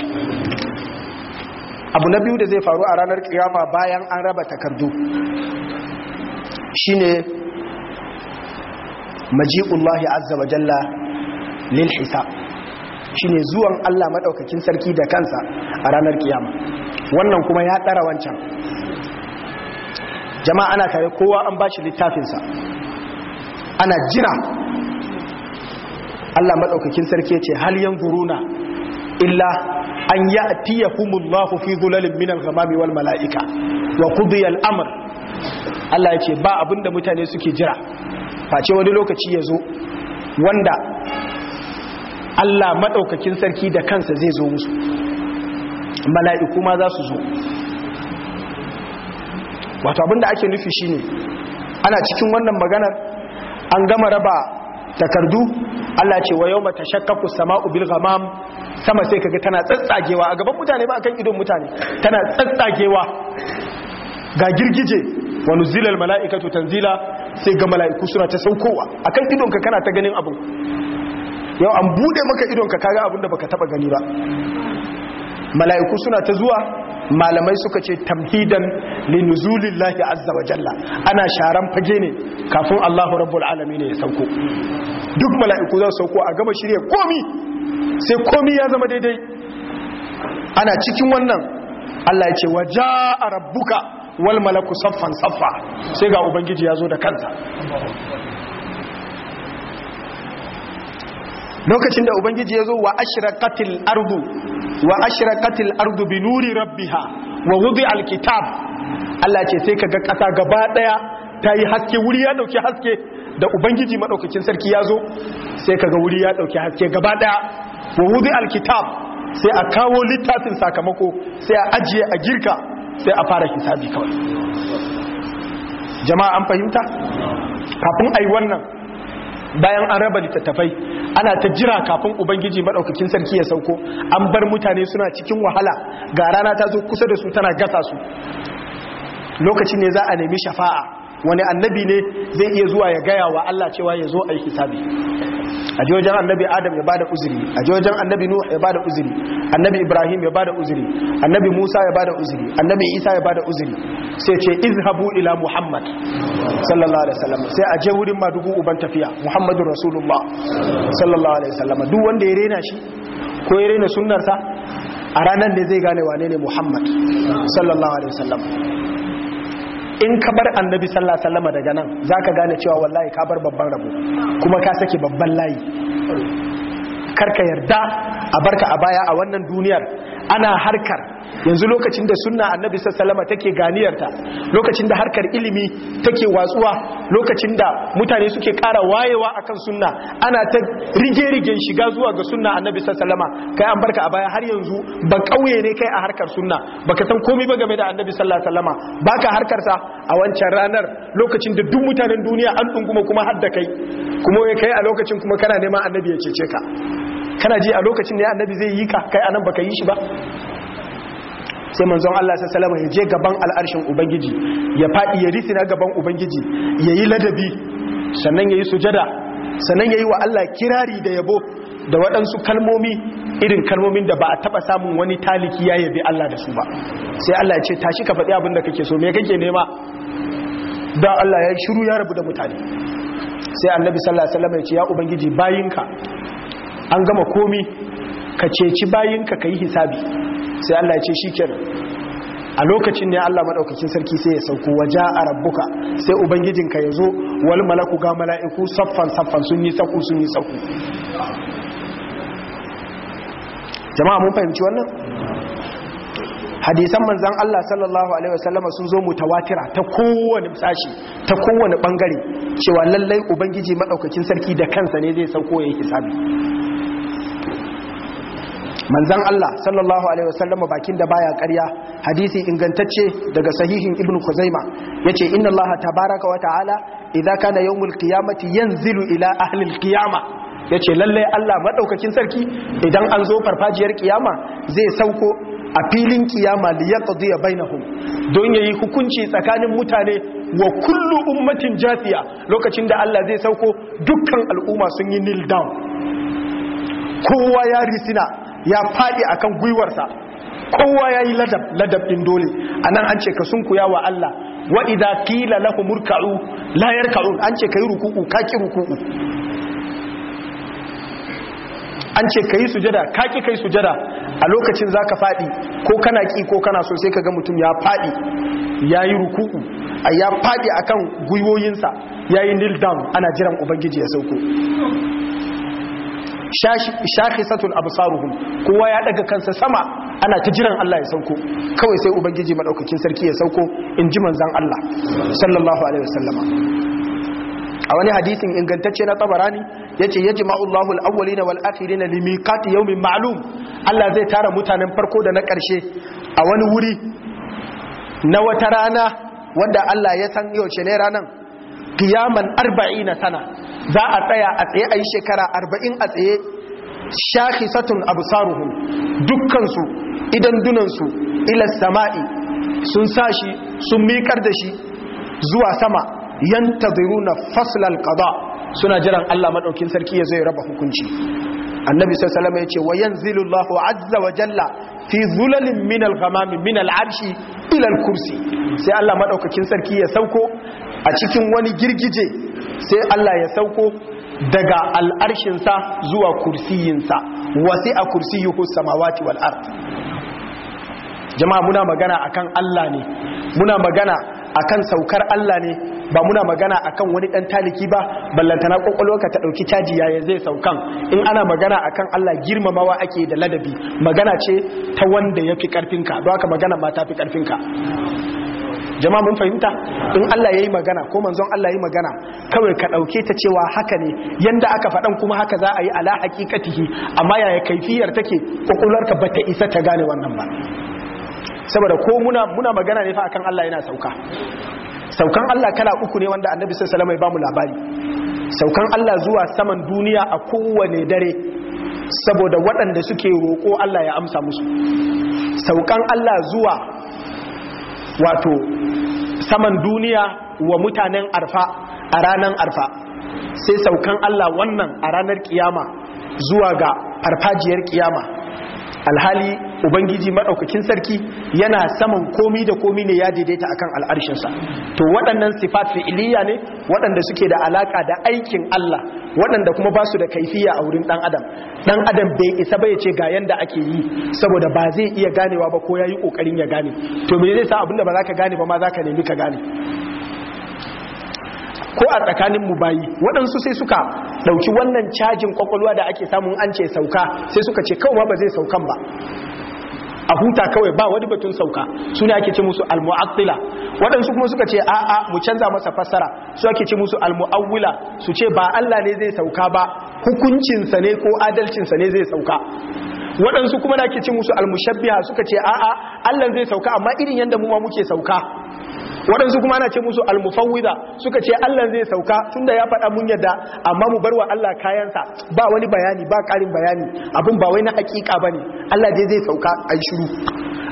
abu na biyu da zai faru a ranar kiyama bayan an raba takardu shine maji'ullahi azza wa jalla lil hisab shine zuwan Allah madaukakin sarki da kansa a ranar kiyama wannan kuma ya tsara wancan jama'a ana kare kowa an bashi littafinsa ana jira Allah madaukakin sarki ya ce hal yanzuruna illa an ya'tiyahumullahu fi dhulalin minal ghamami wal mala'ika wa qudiya al-amr Allah ya ce ba abinda mutane suke jira face wani lokaci ya zo wanda Allah maɗaukakin sarki da kansa zai zo musu mala'iku ma za su zo wato abin da ake nufi shine ana cikin wannan maganar an gama raba takardu Allah ce wa yau mata shakkafu sama'u bil sama sai kaga tana tsatsagewa a gaban mutane ba a kan idon mutane tana tsatsagewa ga girgije wa nuzilal mala'ikatu tanzila sai ga mala'iku suna ta saukowa akan kan kana ta ganin abu yau an bude maka idon ka kaga abinda baka taba gani ba mala'iku suna ta zuwa malamai suka ce tamhidan nuzulillahi azza wa jalla ana sharan fage ne kafin Allahu rabbul alamin ya sauko duk mala'iku za su sauko a gama shirye komi sai komi ya zama daidai ana cikin wannan Allah ya ce waja'a rabbuka wal malaku saffan saffa sai ga ubangiji ya zo da kansa lokacin da ubangiji ya zo wa ashraqatil ardu wa ashraqatil ardu bi nuri rabbiha wa wudi alkitab Allah ce sai kaga kasa gaba daya ta yi haske wuri ya dauki haske da ubangiji madaukakin sarki ya zo sai kaga wuri ya dauki haske gaba daya wa wudi alkitab sai a kawo littafin sakamako sai a ajiye a girka sai a fara hisabi kawai jama'a an fahimta kafin ai wannan bayan an raba littattafai ana ta jira kafin ubangiji maɗaukakin sarki ya sauko an bar mutane suna cikin wahala ga rana ta zo kusa da su tana gasa su lokacin ne za a nemi shafa'a wani annabi ne zai iya zuwa ya gaya wa Allah cewa ya zo a yi hisabi a ji wajen annabi adam ya bada uzuri a ji wajen annabi nuh ya bada uzuri annabi ibrahim ya bada uzuri annabi musa ya bada uzuri annabi isa ya bada uzuri sai ce izhabu ila muhammad sallallahu alaihi wasallam sai a je wurin madugu uban tafiya muhammadur rasulullah sallallahu alaihi wasallam duk wanda ya rena shi ko ya rena sunnarsa a ranar da zai gane wane ne muhammad sallallahu alaihi wasallam in ka bar annabi sallallahu alaihi wasallam daga nan zaka gane cewa wallahi ka bar babban rabo kuma ka sake babban layi karka yarda a barka a baya a wannan duniyar ana harkar yanzu lokacin da sunna annabi sallama take ganiyarta lokacin da harkar ilimi take watsuwa lokacin da mutane suke kara wayewa akan sunna ana ta rige-rigen shiga zuwa ga sunna annabi sallama kai an barka a baya har yanzu ba ƙauye ne kai a harkar sunna baka san komai ba game da annabi sallama baka harkar sa a wancan ranar lokacin da duk mutanen duniya an dunguma kuma har da kai kuma kai a lokacin kuma kana neman annabi ya cece ka kana ji a lokacin ya annabi zai yi ka kai anan baka yi shi ba sai manzon Allah alaihi wasallam ya je gaban al'arshin ubangiji ya fadi ya risina gaban ubangiji yayi ladabi sannan yayi sujada sannan yayi wa Allah kirari da yabo da waɗansu kalmomi irin kalmomin da ba a taba samun wani taliki ya yabi Allah da su ba sai Allah ya ce tashi ka faɗi abin da kake so me kake nema da Allah ya shiru ya rabu da mutane sai annabi sallallahu alaihi wasallam ya ce ya ubangiji bayinka an gama komi ka ceci bayinka ka yi hisabi sai Allah ya ce shi kenan a lokacin ne Allah maɗaukacin sarki sai ya sauko waje a rabbuka sai ubangijinka ya zo wal malaku ga mala'iku saffan saffan sun yi saku sun yi saku jama'a mun fahimci wannan hadisan manzan Allah sallallahu alaihi wasallama sun zo mutawatira ta kowane sashi ta kowane bangare cewa lallai ubangiji maɗaukacin sarki da kansa ne zai sauko ya yi hisabi manzan Allah sallallahu alaihi wasallam bakin da baya karya hadisi ingantacce daga sahihin ibnu khuzaima yace inna Allah tabaaraka wa ta'ala idza kana yawmul qiyamati yanzilu ila ahlil kiyama ya yace lallai Allah madaukakin sarki idan an zo farfajiyar kiyama zai sauko a filin kiyama li yaqdi bainahum don yayi hukunci tsakanin mutane wa kullu ummatin jafiya lokacin da Allah zai sauko dukkan al'umma sun yi kneel down kowa ya risina ya faɗi akan gwiwarsa kowa ya yi ladab ladab ɗin dole a nan an ce ka sunkuya wa Allah wa idha qila lahum murka'u la an ce kai ruku'u ka ki ruku'u an ce kai sujada ka ki kai sujada a lokacin zaka faɗi? ko kana ki ko kana so sai kaga mutum ya fadi yayi ruku'u ya fadi akan gwiwoyinsa yayi nil down ana jiran ubangiji ya sauko shakhisatun absaruhum kowa ya daga kansa sama ana ta jiran Allah ya sauko kawai sai ubangiji madaukakin sarki ya sauko in ji manzon Allah sallallahu alaihi wasallama a wani hadisin ingantacce na tabarani yace yajma'ullahu al-awwalina wal-akhirin li miqati yawmin ma'lum Allah zai tara mutanen farko da na karshe a wani wuri na wata rana wanda Allah ya san yau ce ne ranan qiyaman arba'ina sana za a tsaya a tsaye a yi shekara arba'in a tsaye satun a dukkan Dukkansu idan dunansu su sama'i sun shi sun miƙar da shi zuwa sama Yan na faslal qada suna jiran Allah maɗaukin sarki ya zai raba hukunci annabi sallallahu alaihi wasallam yace wa yanzilullahu azza wa jalla fi zulalin min al minal min al'arshi arshi ilal kursi sai Allah madaukakin sarki ya sauko a cikin wani girgije sai Allah ya sauko daga al'arshinsa zuwa kursiyinsa wasi a kursiyuhu samawati wal ard jama'a muna magana akan Allah ne muna magana akan saukar Allah ne ba muna magana akan wani dan taliki ba ballantana ka ta dauki caji yaya zai saukan in ana magana akan Allah girmamawa ake da ladabi magana ce ta wanda yafi karfinka don haka magana ma fi karfinka jama'a mun fahimta in Allah yayi magana ko manzon Allah yayi magana kawai ka dauke ta cewa haka ne yanda aka faɗan kuma haka za a yi ala haqiqatihi amma yaya kaifiyar take ba bata isa ta gane wannan ba saboda ko muna muna magana ne fa akan Allah yana sauka saukan Allah kala uku ne wanda annabi sallallahu alaihi wasallam ya bamu labari saukan Allah zuwa saman duniya a kowane dare saboda waɗanda suke roƙo Allah ya amsa musu saukan Allah zuwa wato saman duniya wa mutanen arfa a ranar arfa sai saukan Allah wannan a ranar kiyama zuwa ga farfajiyar kiyama alhali ubangiji madaukakin sarki yana saman komi da komi ne ya daidaita akan al'arshinsa to waɗannan sifat fi'iliya ne waɗanda suke da alaka da aikin Allah waɗanda kuma ba su da kaifiya a wurin ɗan adam ɗan adam bai isa ba ya ce ga yanda ake yi saboda ba zai iya ganewa ba ko ya yi ƙoƙarin ya gane to me zai sa abinda ba za ka gane ba ma za ka nemi ka gane ko a tsakanin mu bayi waɗansu sai suka ɗauki wannan cajin ƙwaƙwalwa da ake samun an ce sauka sai suka ce kawai ba zai saukan ba a huta kawai ba wani batun sauka su ne ake ce musu almu'attila waɗansu kuma suka ce a'a mu canza masa fassara su ake ce musu almu'awwila su ce ba Allah ne zai sauka ba hukuncinsa ne ko adalcinsa ne zai sauka waɗansu kuma da ake ce musu almushabbiha suka ce a'a Allah zai sauka amma irin yadda mu ma muke sauka waɗansu kuma ana ce musu almufawwida suka ce Allah zai sauka tunda ya faɗa mun yadda amma mu barwa Allah kayansa ba wani bayani ba ƙarin bayani abun ba wai na hakika bane Allah dai zai sauka ai shiru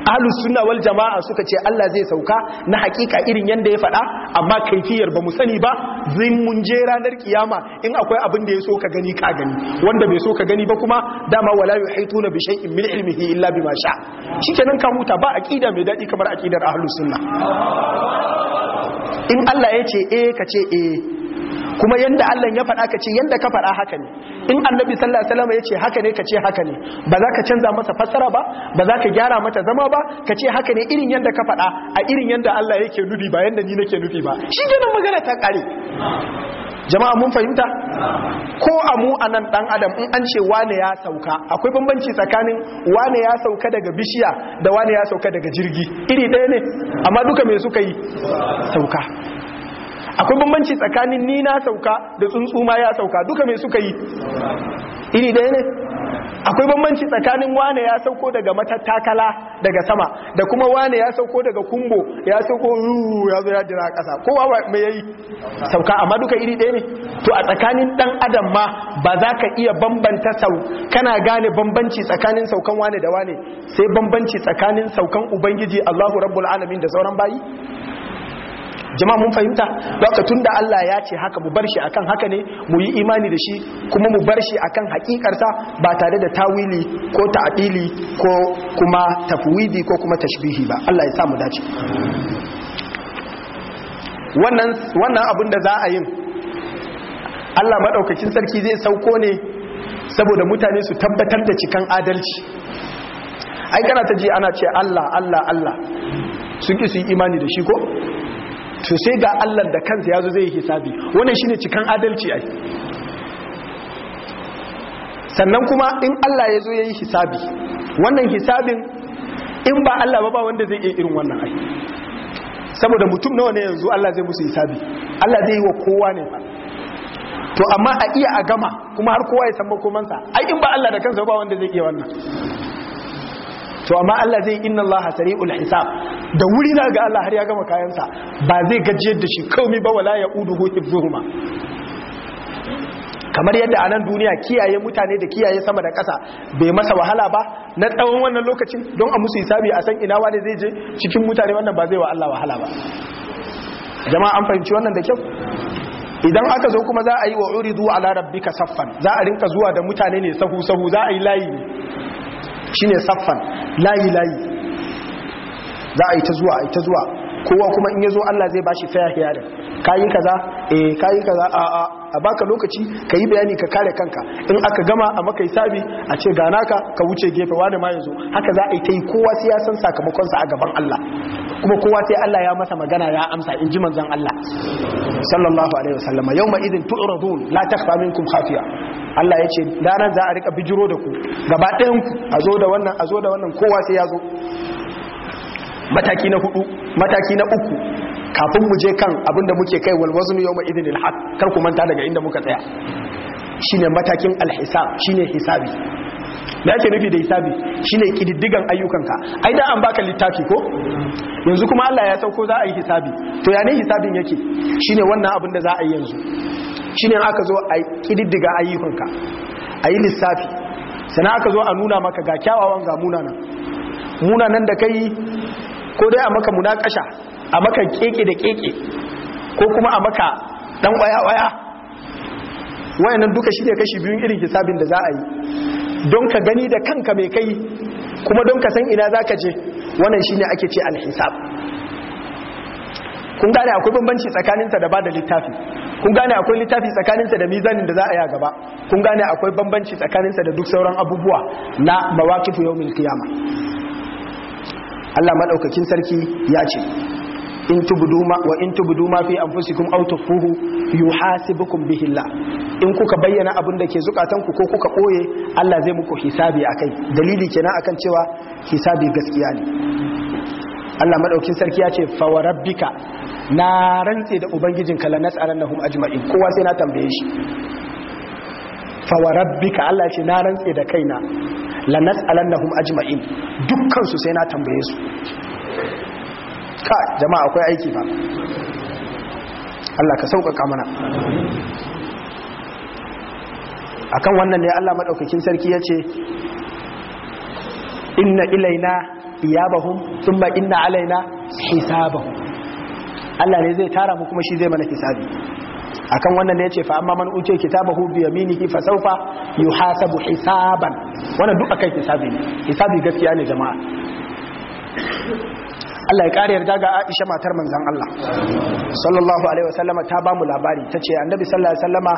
ahlu sunna wal jamaa suka ce Allah zai sauka na hakika irin yadda ya faɗa amma kaifiyar ba mu sani ba zai mun je ranar kiyama in akwai abin da ya so ka gani ka gani wanda bai so ka gani ba kuma dama wala yuhituna bi shay'in min ilmihi illa bima sha shikenan ka huta ba aqida mai dadi kamar aqidar ahlu sunna in Allah ya ce e ka ce eh kuma yanda Allah ya faɗa ka ce yanda ka faɗa haka ne in annabi sallallahu alaihi wasallam ya ce haka ne ka ce haka ne ba za ka canza masa fassara ba ba za ka gyara mata zama ba ka ce haka ne irin yanda ka faɗa a irin yanda Allah yake nufi ba yanda ni nake nufi ba shi kenan magana ta kare jama'a mun fahimta ko a mu anan nan dan adam in an ce wane ya sauka akwai bambanci tsakanin wane ya sauka daga bishiya da wane ya sauka daga jirgi iri ɗaya ne amma duka me suka yi sauka akwai bambanci tsakanin ni na sauka da tsuntsu ma ya sauka duka mai suka yi iri ɗaya ne akwai bambanci tsakanin wane ya sauko daga matattakala daga sama da kuma wane ya sauko daga kumbo ya sauko ruru ya zo ya jira ƙasa kowa mai yayi sauka amma duka iri ɗaya ne to a tsakanin ɗan adam ma ba za ka iya bambanta sau kana gane bambanci tsakanin saukan wane da wane sai bambanci tsakanin saukan ubangiji allahu rabbul alamin da sauran bayi jama'a mun fahimta tun tunda Allah ya ce haka mu bar shi akan haka ne mu yi imani da shi kuma mu bar shi akan hakikarsa ba tare da tawili ko ta'dili ko kuma tafwidi ko kuma tashbihi ba Allah ya sa mu dace wannan wannan abin da za a yi, Allah madaukakin sarki zai sauko ne saboda mutane su tabbatar da cikan adalci ai kana ta ji ana ce Allah Allah Allah suke su yi imani da shi ko to sai ga Allah da kansa ya zo zai yi hisabi wannan shine cikan adalci ai sannan kuma in Allah ya zo ya yi hisabi wannan hisabin in ba Allah ba ba wanda zai iya irin wannan ai saboda mutum nawa ne yanzu Allah zai musu hisabi Allah zai yi wa kowa ne to amma a iya a gama kuma har kowa ya san makomansa ai in ba Allah da kansa ba wanda zai iya wannan to amma Allah zai inna Allah sari'ul hisab da wuri na ga Allah har ya gama kayansa ba zai gajiyar da shi kaumi ba wala ya uduhu ibzuhuma kamar yadda a nan duniya kiyaye mutane da kiyaye sama da ƙasa bai masa wahala ba na tsawon wannan lokacin don a musu hisabi a san ina wani zai je cikin mutane wannan ba zai wa Allah wahala ba jama'a an fahimci wannan da kyau idan aka zo kuma za a yi wa uridu ala rabbika saffan za a rinka zuwa da mutane ne sahu sahu za a yi layi shine saffan layi layi za a yi ta zuwa a yi ta zuwa kowa kuma in yazo Allah zai bashi fair hearing kayi kaza eh kayi kaza a a a baka lokaci kayi bayani ka kare kanka in aka gama a maka hisabi a ce gana ka, ka wuce gefe wani ma yanzu haka za a yi tai kowa sai ya san sakamakon sa a gaban Allah kuma kowa sai Allah ya masa magana ya amsa in ji manzon Allah sallallahu alaihi wasallam yawma idin tu'radun la takhfa minkum khafiya Allah ya ce nan za a rika bijiro da ku gaba ɗayan ku a zo da wannan a zo da wannan kowa sai ya zo mataki na hudu mataki na uku kafin mu je kan abinda muke kai wal yau yawma idin kar ku manta daga inda muka tsaya shine matakin alhisab shine hisabi me ake nufi da hisabi shine kididdigan ayyukanka ai da an baka littafi ko yanzu kuma Allah ya sauko za a yi hisabi to ya ne hisabin yake shine wannan abin da za a yi yanzu shine aka zo a kididdiga ayyukanka a yi lissafi sana aka zo a nuna maka ga kyawawan ga munanan munanan da kai ko dai a maka munakasha a maka keke da keke ko kuma a maka dan waya-waya wayannan duka shi ne kashi biyun irin hisabin da za a yi don ka gani da kanka mai kai kuma don ka san ina zaka je wannan shi ake ce alhisab kun gane akwai bambanci tsakaninsa da ba da littafi kun gane akwai littafi tsakaninsa da mizanin da za a yi gaba kun gane akwai bambanci tsakaninsa da duk sauran abubuwa na mawakifu yawmil qiyamah Allah madaukakin sarki ya ce in tubudu ma wa in tubudu ma fi anfusikum aw tukhfuhu yuhasibukum bihi Allah in kuka bayyana abin da ke zukatan ku ko kuka koye Allah zai muku hisabi akai dalili kenan akan cewa hisabi gaskiya ne Allah madaukakin sarki ya ce fa rabbika na rantse da ubangijin kala nas'alannahum ajma'in kowa sai na tambaye shi fa rabbika Allah ce na rantse da kaina lannas alannahum ajma'in dukkan su sai na tambaye su ka jama'a akwai aiki ba Allah ka sauƙaƙa mana akan wannan ne Allah madaukakin sarki yace inna ilaina iyabahum thumma inna alaina hisabahum Allah ne zai tara mu kuma shi zai mana hisabi akan wannan da yace fa amma man uce kitabahu bi yaminihi fa sawfa yuhasabu hisaban wannan duk akan hisabi hisabi gaskiya ne jama'a Allah ya kare yarda ga Aisha matar manzon Allah sallallahu alaihi wasallama ta ba mu labari tace annabi sallallahu alaihi wasallama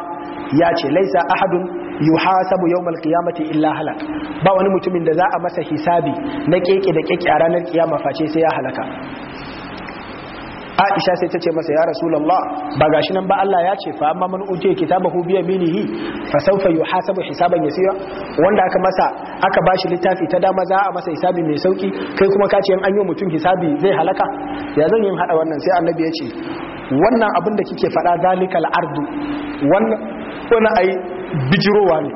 ya ce laisa ahadun yuhasabu yawmal qiyamati illa halak ba wani mutumin da za a masa hisabi na keke da keke a ranar kiyama face sai ya halaka Aisha sai ta ce masa ya Rasulullah ba gashi nan ba Allah ya ce fa amma man utiya kitabahu bi yaminihi fa sawfa yuhasabu hisaban yasira wanda aka masa aka bashi littafi ta dama za a masa hisabi mai sauki kai kuma ka ce an yi mutum hisabi zai halaka ya zan yin hada wannan sai annabi ya ce wannan abin da kike faɗa zalikal ardu wannan na ai bijirowa ne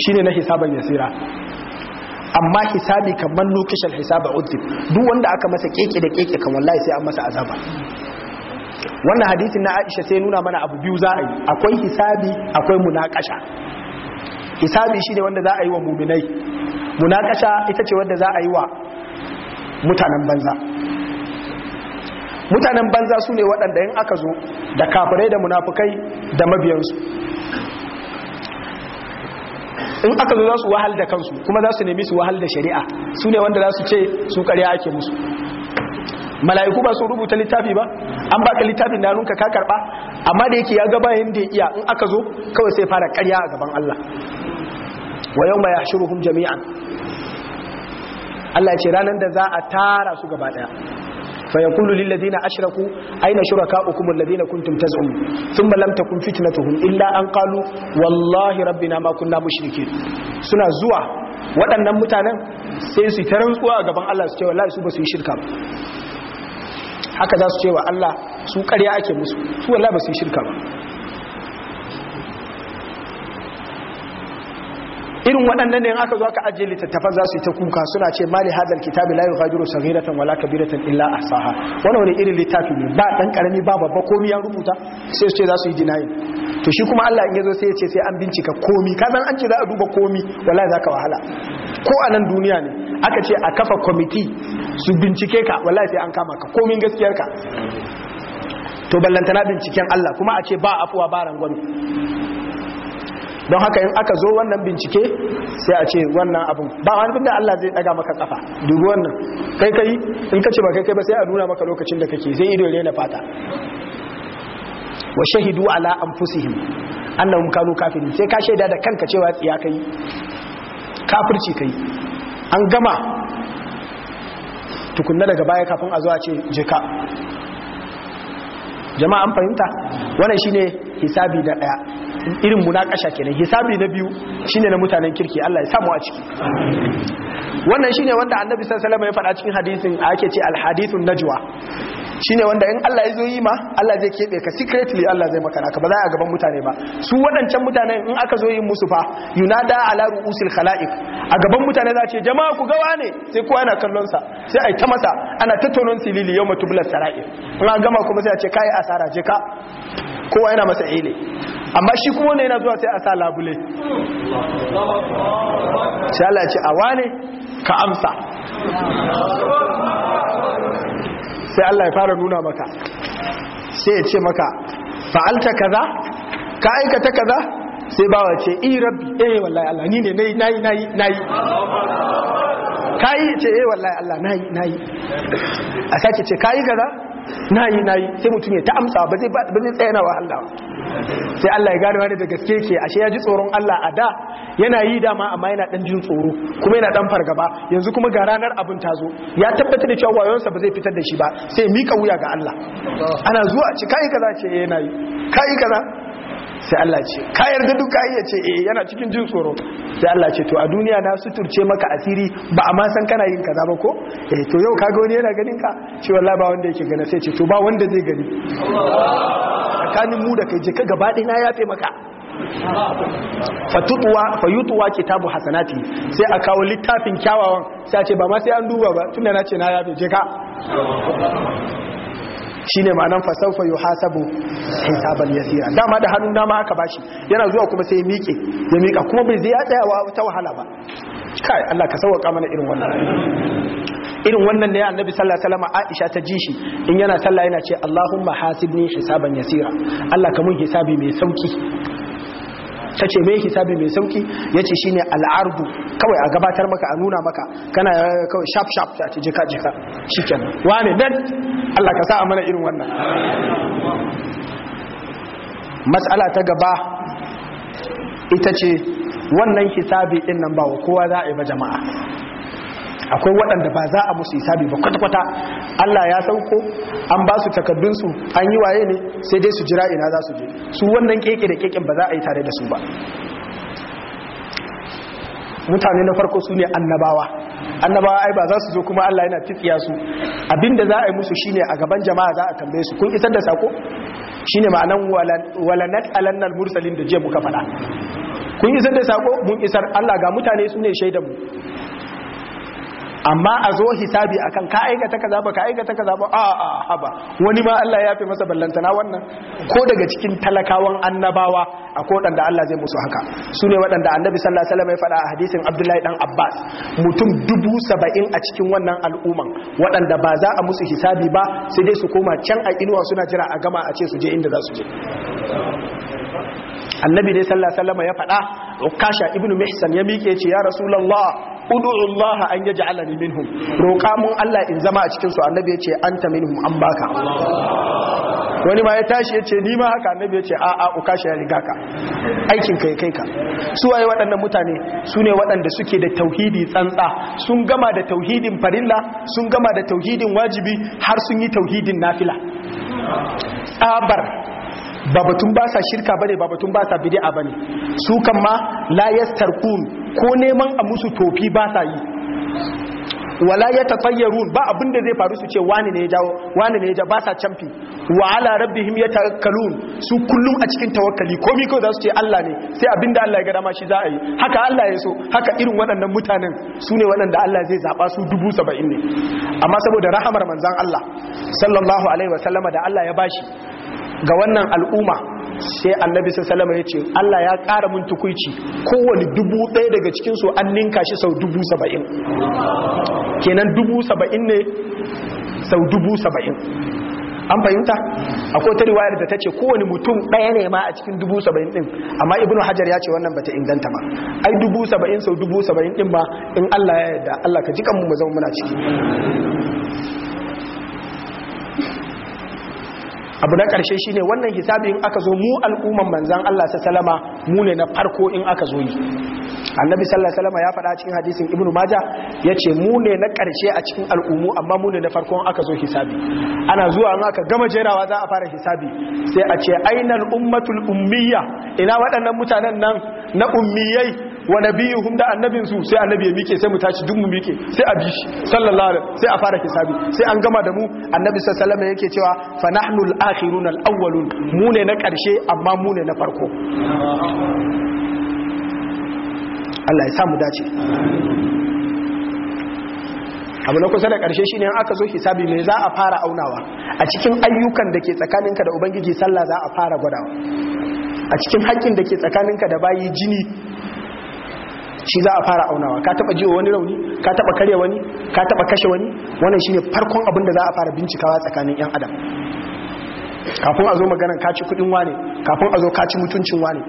shine na hisaban yasira amma hisabi kamar nukishal hisaba udzib duk wanda aka masa keke da keke kan wallahi sai an masa azaba wannan hadisin na Aisha sai nuna mana abu biyu za a yi akwai hisabi akwai munakasha hisabi shine wanda za a yi wa muminai munakasha ita ce wanda za a yi wa mutanen banza mutanen banza su ne waɗanda in aka zo da kafirai da munafukai da mabiyansu in aka zo za su wahal da kansu kuma za su nemi su wahal da shari'a su ne wanda za su ce su karya ake musu mala'iku ba sun rubuta littafi ba an baka littafin da hannunka ka karba amma da yake ya gaba yanda ya iya in aka zo kawai sai fara karya a gaban Allah wa yawma yahshuruhum jami'an Allah ce ranar da za a tara su gaba ɗaya. fa yaqulu lil ladina ashraku aina shurakaukum alladina kuntum taz'um thumma lam takun fitnatuhum illa an qalu wallahi rabbina ma kunna mushrikeen suna zuwa waɗannan mutanen sai su ta rantsuwa a gaban Allah su ce wallahi su ba su yi shirka ba haka za su ce wa Allah su ƙarya ake musu su wallahi ba su yi shirka ba irin waɗannan ne aka zo aka ajiye littattafan za su yi ta kuka suna ce mali hadal kitabi layu yughadiru sahiratan wala kabiratan illa ahsaha wannan wani irin littafi ne ba dan karami ba babba komi ya rubuta sai su ce za su yi dinayi to shi kuma Allah in yazo sai ya ce sai an bincika komi ka san an ce za a duba komi wallahi zaka wahala ko a nan duniya ne aka ce a kafa kwamiti su bincike ka wallahi sai an kama ka komin gaskiyar ka to ballantana binciken Allah kuma a ce ba afuwa ba rangwame don haka in aka zo wannan bincike sai a ce wannan abin ba wani da Allah zai daga maka kafa dubi wannan kai kai in ka ce ba kai kai ba sai a nuna maka lokacin da kake zai ido na fata wa shahidu ala anfusihim annahum kanu kafirin sai ka shaida da kanka cewa tsiya kai kafirci kai an gama tukunna daga baya kafin a zo a ce jika jama'a fahimta wannan shine hisabi da daya irin munakasha kenan hisabi na biyu shine na mutanen kirki Allah ya samu a ciki wannan shine wanda annabi sallallahu alaihi ya faɗa cikin hadisin ake ce alhadithun najwa shine wanda in Allah ya zo yi ma Allah zai kebe ka secretly Allah zai maka naka ba za a gaban mutane ba su waɗancan mutanen in aka zo yi musu fa yunada ala ru'usil khalaiq a gaban mutane za ce jama'a ku gawa ne sai kowa yana kallon sa sai a yi ta masa ana tattaunon silili yau matubular sarair in an gama kuma sai a ce kai asara je ka kowa yana masa ile amma shi kuma wanda yana zuwa sai a sa labule sai ce a wane ka amsa sai Allah ya fara nuna maka sai ya ce maka fa'alta kaza ka aikata kaza sai bawa ce eh rabbi eh wallahi Allah ni ne nayi nayi nayi nayi kai ce eh wallahi Allah nayi nayi a sake ce kai kaza nayi nayi sai mutum ya ta amsa ba zai ba zai tsaya na wahala sai Allah ya gane wani da gaske ke ashe ya ji tsoron Allah a da yana yi dama amma yana ɗan jin tsoro kuma yana dan fargaba yanzu kuma ga ranar abin ta zo ya tabbatar da cewa wayonsa ba zai fitar da shi ba sai mika wuya ga Allah ana zuwa ci kai kaza ce yana eh, yi kai kaza sai Allah ce ka yarda duka iya ce eh yana cikin jin tsoro sai Allah ce to a duniya na suturce maka asiri ba a ma san kana yin kaza ba ko eh to yau kaga wani yana ganin ka ce wallahi ba wanda yake gani sai ce to ba wanda zai gani tsakanin mu da kai je ka gaba ɗaya na yafe maka fatutuwa fayutuwa kitabu hasanati sai a kawo littafin kyawawan sai a ce ba ma sai an duba ba tunda na ce na yafe je ka shine ma'anan fasaufa yuhasabu hisaban yasira dama da hannun dama aka bashi yana zuwa kuma sai ya miƙe ya miƙa kuma bai zai ya tsayawa ta wahala ba kai Allah ka sauwaka mana irin wannan irin wannan ne annabi sallallahu alaihi wasallam Aisha ta ji shi in yana sallah yana ce Allahumma hasibni hisaban yasira Allah ka mun hisabi mai sauki ta ce mai hisabi mai sauki ya ce ne al'ardu kawai a gabatar maka a nuna maka kana kawai shaf shaf ta ce jika jika shi kenan wane dan Allah ka sa a mana irin wannan matsala ta gaba ita ce wannan hisabi din nan ba kowa za a yi ba jama'a akwai waɗanda ba za a musu isabi ba kwata-kwata Allah ya sauko an ba su takardunsu an yi waye ne sai dai su jira ina za su je su wannan keke da keken ba za a yi tare da su ba mutane na farko su ne annabawa annabawa ai ba za su zo kuma Allah yana titsiya su abinda za a yi musu shine a gaban jama'a za a tambaye su kun isar da sako shine ma'anan walanat alannal mursalin da jiya muka faɗa kun isar da sako mun isar Allah ga mutane su ne shaidanmu amma a zo hisabi akan ka aikata kaza ba ka aikata kaza ba a a haba wani ma Allah ya fi masa ballantana wannan ko daga cikin talakawan annabawa akwai wadanda Allah zai musu haka su ne wadanda annabi sallallahu alaihi wasallam ya faɗa a hadisin Abdullahi dan Abbas mutum dubu a cikin wannan al'umman waɗanda ba za a musu hisabi ba sai dai su koma can a inuwa suna jira a gama a ce su je inda za su je annabi dai sallallahu alaihi wasallam ya faɗa ukasha ibnu mihsan ya miƙe ce ya rasulullah ud'u allah an yaj'alani minhum roƙa mun allah in zama a cikin su annabi ya ce anta minhum an baka wani ma ya tashi ya ce ni ma haka annabi ya ce a a ukasha ya riga ka aikin kai kai ka su waye waɗannan mutane su ne waɗanda suke da tauhidi tsantsa sun gama da tauhidin farilla sun gama da tauhidin wajibi har sun yi tauhidin nafila tsabar ba batun ba sa shirka bane ba batun ba sa bid'a bane su kan ma la yastarqun ko neman a musu tofi ba sa yi wala yatatayyarun ba abinda zai faru su ce wani ne ya jawo wani ne ya ja ba sa camfi wa ala rabbihim yatawakkalun su kullum a cikin tawakkali komai kawai za su ce Allah ne sai abinda Allah ya ga dama shi za a yi haka Allah ya so haka irin waɗannan mutanen su ne waɗanda Allah zai zaɓa su dubu saba'in ne amma saboda rahamar manzan Allah sallallahu alaihi wasallama da Allah ya bashi ga wannan al'umma sai annabi sallama ya ce Allah ya ƙara mun tukuici kowane dubu ɗaya daga cikinsu an ninka shi sau dubu saba'in kenan dubu saba'in ne sau dubu saba'in an fahimta akwai ta riwayar da ta ce kowane mutum ɗaya ne ma a cikin dubu saba'in ɗin amma Ibn hajar ya ce wannan bata inganta ba ai dubu saba'in sau dubu saba'in ɗin ma in allah ya yarda allah ka ji kanmu mu zama muna ciki abu na ƙarshe shine wannan hisabi in aka zo mu al'umman manzan Allah salama mu ne na farko in aka zo yi annabi sallallahu ya faɗa cikin hadisin ibnu maja yace mu ne na ƙarshe a cikin al'ummu amma mu ne na farkon aka zo hisabi ana zuwa in aka gama jerawa za a fara hisabi sai a ce ainal ummatul ummiya ina waɗannan mutanen nan na ummiyai wa nabiyuhum da annabinsu sai annabi ya mike sai mu tashi duk mu mike sai a bishi sallallahu alaihi sai a fara hisabi sai an gama da mu annabi sallallahu alaihi yake cewa fa nahnu al-akhirun al-awwalun mu ne na karshe amma mu ne na farko Allah ya sa mu dace abu na kusa da shi ne aka zo hisabi mai za a fara aunawa a cikin ayyukan da ke tsakaninka da ubangiji sallah za a fara gwadawa a cikin haƙƙin da ke tsakaninka da bayi jini shi za a fara aunawa ka taba jiwo wani rauni ka taba karya wani ka taba kashe wani wannan shine farkon abin da za a fara bincikawa tsakanin yan adam kafin a zo maganar kaci kudin wane kafin a zo kaci mutuncin wane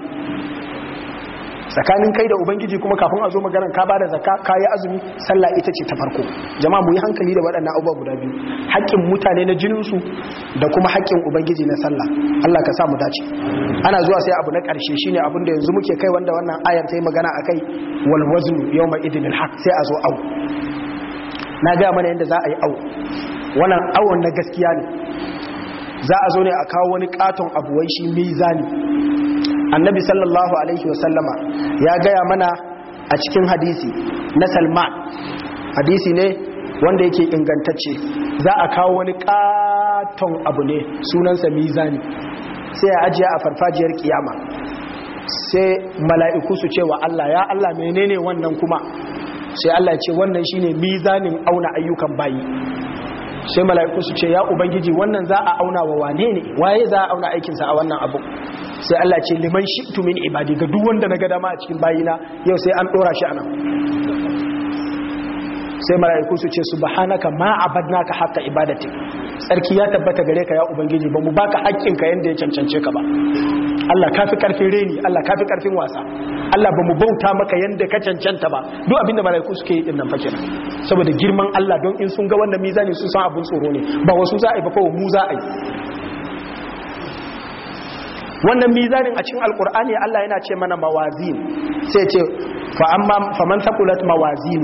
tsakanin kai da ubangiji kuma kafin a zo magana ka da zakka ka yi azumi sallah ita ce ta farko jama'a mu yi hankali da waɗannan abubuwa guda biyu haƙƙin mutane na jinin su da kuma haƙƙin ubangiji na sallah Allah ka sa mu dace ana zuwa sai abu na ƙarshe shine abin da yanzu muke kai wanda wannan ayar ta yi magana akai wal waznu yawma idinil haq sai a zo au na ga mana yanda za a yi au wannan awon na gaskiya ne za a zo ne a kawo wani katon abuwai shi mizani annabi sallallahu alaihi wasallama ya gaya mana a cikin hadisi na Salma hadisi ne wanda yake ingantacce za a kawo wani katon abu ne sunansa mizani sai a ajiya a farfajiyar kiyama sai mala'iku su ce wa Allah ya Allah menene wannan kuma sai Allah ce wannan shine mizanin auna ayyukan bayi sai mala'iku su ce ya ubangiji wannan za a auna wa wane ne waye za a auna aikinsa a wannan abu sai Allah ce liman shi tumin ibadi ga duk wanda na ga dama a cikin bayina yau sai an ɗora shi a nan. sai mara'iku su ce su subhanaka ma abadnaka hatta ibadatik sarki ya tabbata gare ka ya ubangiji ba mu baka haƙƙin ka yanda ya cancance ka ba Allah kafi karfin reni Allah kafi karfin wasa Allah ba mu bauta maka yadda ka cancanta ba duk abinda mara'iku suke yi din nan fa saboda girman Allah don in sun ga wannan mizani sun san abun tsoro ne ba wasu za a yi ba kawo mu za a yi wannan mizanin a cikin alkur'ani Allah yana ce mana mawazin sai ce fa amma faman thaqulat mawazin.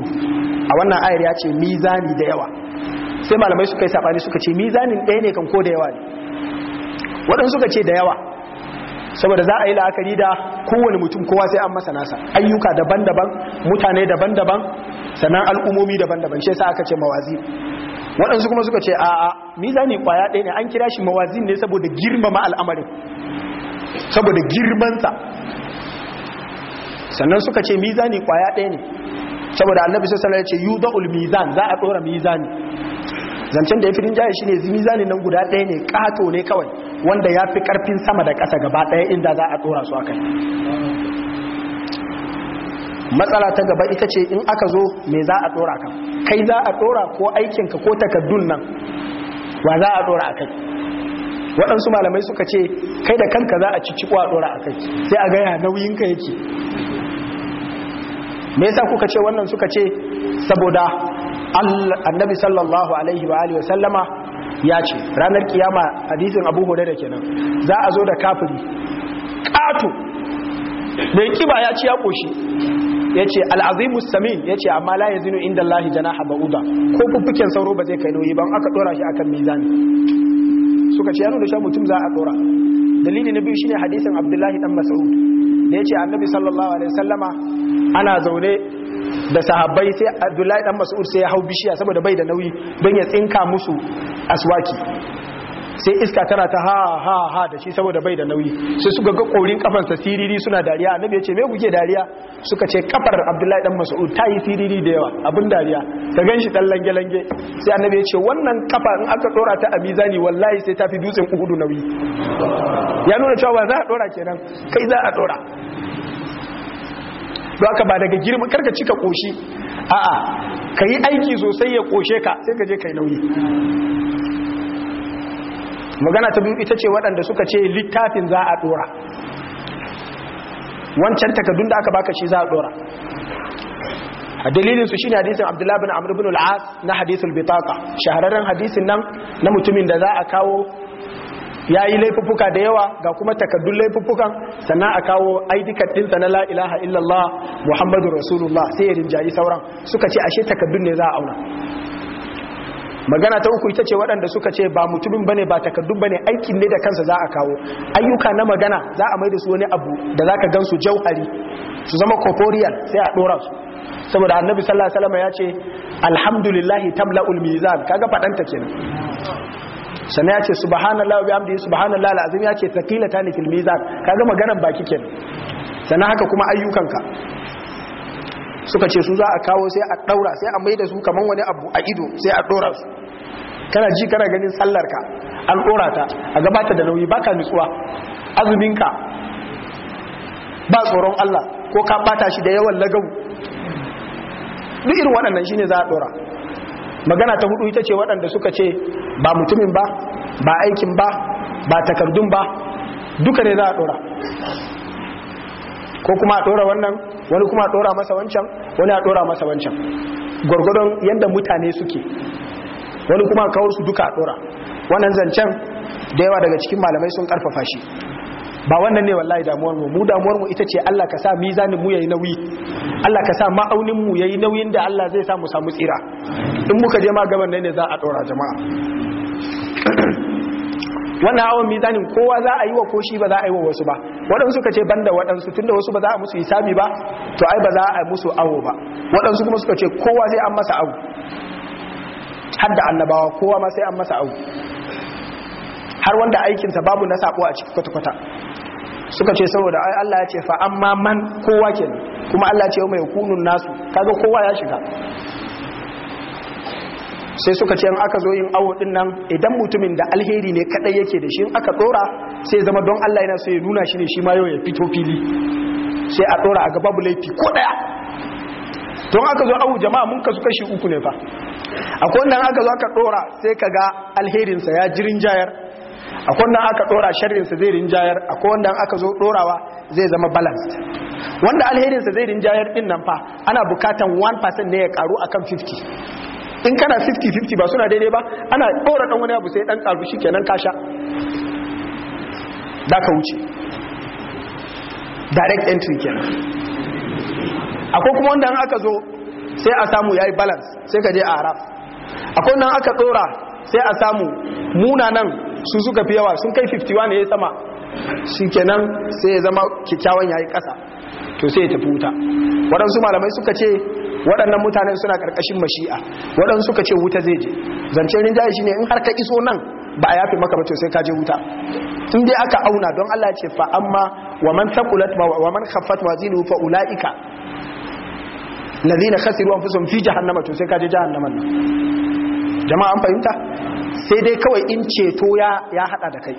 a wannan ayar ya ce mizani da yawa sai malamai suka yi sabani suka ce mizanin ɗaya ne kan ko da yawa ne waɗansu suka ce da yawa saboda za a yi la'akari da kowane mutum kowa sai an masa nasa ayyuka daban-daban mutane daban-daban sannan al'umomi daban-daban shi yasa aka ce mawazin waɗansu kuma suka ce a'a mizani kwaya ɗaya ne an kira shi mawazin ne saboda girmama al'amarin saboda girmansa sannan suka ce mizani kwaya ɗaya ne saboda annabi sai sanar ce da'ul mizan za a mizani zancen da ya fi rinjaye shi ne mizani nan guda ɗaya ne ƙato ne kawai wanda ya fi ƙarfin sama da ƙasa gaba ɗaya inda za a ɗora su akai matsala ta gaba ita ce in aka zo me za a ɗora ka kai za a ɗora ko aikinka ko takaddun nan wa za a ɗora akai waɗansu malamai suka ce kai da kanka za a ci kwaɗora a kai sai a gaya nauyinka yake me yasa kuka ce wannan suka ce saboda annabi sallallahu alaihi wa alihi wasallama ya ce ranar kiyama hadisin abu hurairah kenan za a zo da kafiri Kato. mai kiba ya ci ya ƙoshi ya ce al'azimu samin ya ce amma la ya inda Allah jana haɓa'uda ko fuffuken sauro ba zai kai nauyi ban aka ɗora shi akan mizani suka ce ya nuna shan mutum za a dora dalili na biyu shine hadisin abdullahi dan mas'ud da yace annabi sallallahu alaihi wasallama ana zaune da sahabbai sai abdullahi dan mas'ud sai ya hau bishiya saboda bai da nauyi don ya tsinka musu aswaki sai iska tana ta ha ha ha da shi saboda bai da nauyi sai suka ga korin kafansa siriri suna dariya annabi ya ce me kuke dariya suka ce kafar abdullahi dan mas'ud ta yi siriri da yawa abin dariya gan ganshi dan lange lange sai annabi ya ce wannan kafa in aka dora ta a mizani wallahi sai ta fi dutsen uhudu nauyi ya nuna cewa ba za a dora kenan kai za a dora don haka ba daga girma karka cika koshi a'a ka yi aiki sosai ya koshe ka sai ka je kai nauyi magana ta biyu ita ce waɗanda suka ce littafin za a ɗora wancan takardun da aka baka shi za a ɗora a dalilin su ne hadisin abdullahi bin Amr bin al na hadisun bitaka shahararren hadisin nan na mutumin da za a kawo ya yi laifuffuka da yawa ga kuma takardun laifuffukan sannan a kawo ID na lailaha ilaha illallah muhammadu Rasulullah sai ya rinjayi sauran suka ce ashe takardun ne za a auna magana ta uku ita ce waɗanda suka ce ba mutumin bane ba takardun bane aikin ne da kansa za a kawo ayyuka na magana za a mai da su wani abu da za ka gan su jauhari su zama corporeal sai a ɗora su saboda annabi sallallahu alaihi ya ce alhamdulillahi tamla'ul mizan kaga fadanta kenan Sana ya ce subhanallah wa bihamdihi subhanallah alazim ya ce thaqilatan fil mizan kaga maganan baki kenan sana haka kuma ayyukanka suka ce su za a kawo sai a daura sai a mai da su kamar wani abu a ido sai a dora su kana ji kana ganin sallar ka an dora ta a gabata da nauyi baka nutsuwa azumin ba tsoron Allah ko ka bata shi da yawan lagau duk irin waɗannan shine za a dora magana ta hudu ita ce waɗanda suka ce ba mutumin ba ba aikin ba ba takardun ba duka ne za a dora ko kuma a dora wannan wani kuma a dora masa wancan wani a dora masa wancan gwargwadon yadda mutane suke wani kuma kawar su duka a dora wannan zancen da yawa daga cikin malamai sun karfafa shi ba wannan ne wallahi damuwar mu mu damuwar mu ita ce Allah ka sa mizanin mu yayi nauyi Allah ka sa ma'aunin mu yayi nauyin da Allah zai sa mu samu tsira in muka je ma gaban nan ne za a dora jama'a wannan awon mizanin kowa za a yi wa koshi ba za a yi wa wasu ba waɗansu ka ce banda waɗansu tunda wasu ba za a musu isami ba to ai ba za a musu awo ba waɗansu kuma suka ce kowa sai an masa awo har da annabawa kowa ma sai an masa awo har wanda aikinsa babu na sabo a ciki kwata-kwata suka ce saboda ai Allah ya ce fa amma man kowa kenan kuma Allah ya ce mai kunun nasu kaga kowa ya shiga sai suka ce an aka zo yin awo din nan idan mutumin da alheri ne kadai yake da shi in aka dora sai zama don Allah yana so ya nuna shi ne shi ma yau ya fito fili sai a dora a ga babu laifi ko daya don aka zo awo jama'a mun kasu kashi uku ne fa akwai wannan aka zo aka dora sai kaga alherinsa ya jirin jayar akwai wannan aka dora sa zai rinjayar akwai wannan aka zo dorawa zai zama balanced wanda alherinsa zai rinjayar din nan fa ana bukatan 1% ne ya karu akan 50 in kana 50-50 ba suna daidai ba ana ɗora ɗan wani abu sai ɗan ƙarfi shi kenan kasha da ka wuce direct entry kenan akwai kuma wanda aka zo sai a samu ya yi balance sai ka je a haraf akwai nan aka ɗora sai a samu munanan su suka fi yawa sun kai 51 ne ya sama shi kenan sai ya zama kyakkyawan ya yi ƙasa to sai ya tafi wuta waɗansu malamai suka ce waɗannan mutanen suna ƙarƙashin mashi'a waɗansu suka ce wuta zai je zance zancen shi ne in har ka iso nan ba a yafe maka ba sai ka je wuta in dai aka auna don Allah ya ce fa amma wa man thaqulat wa man khaffat mazinuhu fa ulaika ladina khasiru anfusahum fi jahannama to sai kaje je jama'a an fahimta sai dai kawai in ceto ya ya hada da kai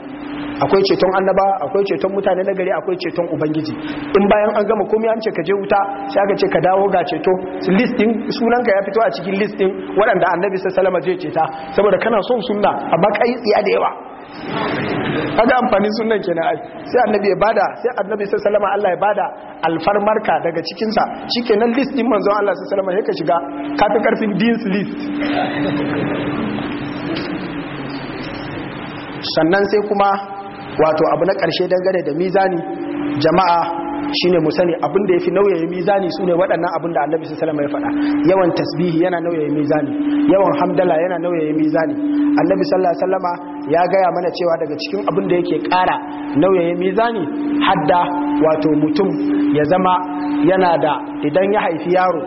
akwai ceton annaba akwai ceton mutane na gari akwai ceton ubangiji in bayan an gama komai an ce ka je wuta sai aka ce ka dawo ga ceto list sunan sunanka ya fito a cikin list din waɗanda annabi sallallahu alaihi wasallam zai ceta saboda kana son sunna amma kai tsiya da yawa kaga amfani sunan kenan ai sai annabi ya bada sai annabi alaihi salama Allah ya bada alfarmarka daga cikin sa shikenan list din manzo Allah alaihi salama ya ka shiga ka karfin dean's list sannan sai kuma wato abu na karshe dangane da mizani jama'a shine mu sani abin da yafi nauyaye mizani sune waɗannan abin da Annabi sallallahu alaihi wasallam ya faɗa yawan tasbihi yana nauyaye mizani yawan hamdala yana nauyaye mizani Annabi sallallahu alaihi wasallama ya gaya mana cewa daga cikin abin da yake ƙara nauyaye mizani hadda wato mutum ya zama yana da idan ya haifi yaro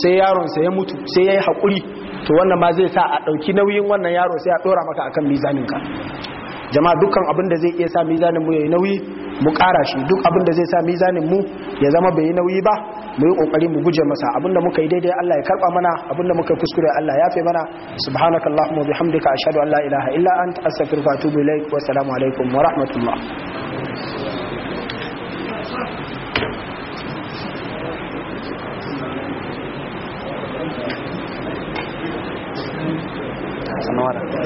sai yaron yaronsa ya mutu sai yayi hakuri to wannan ma zai sa a ɗauki nauyin wannan yaro sai a dora maka akan mizaninka jama'a dukkan abin da zai iya sa mizanin mu yayi nauyi mu ƙara shi duk abin da zai sa mizanin mu ya zama bai yi nauyi ba mu yi ƙoƙari mu guje masa abin da muka yi daidai Allah ya karɓa mana abin da muka kuskure Allah ya fi mana subhanakallahumma bihamdika ashhadu an la ilaha illa anta astaghfiruka wa atubu ilaik wa assalamu alaikum wa rahmatullah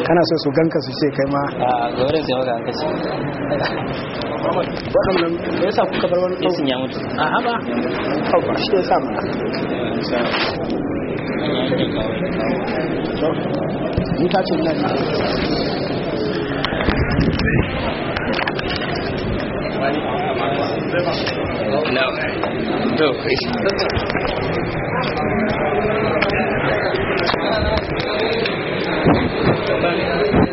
kana so su ganka su ce kai ma a gaurin sai maka an kace waɗannan da yasa kuka bar wani kawai ya mutu a haba kawai shi ya sa mu in ka ce nan No. No. No.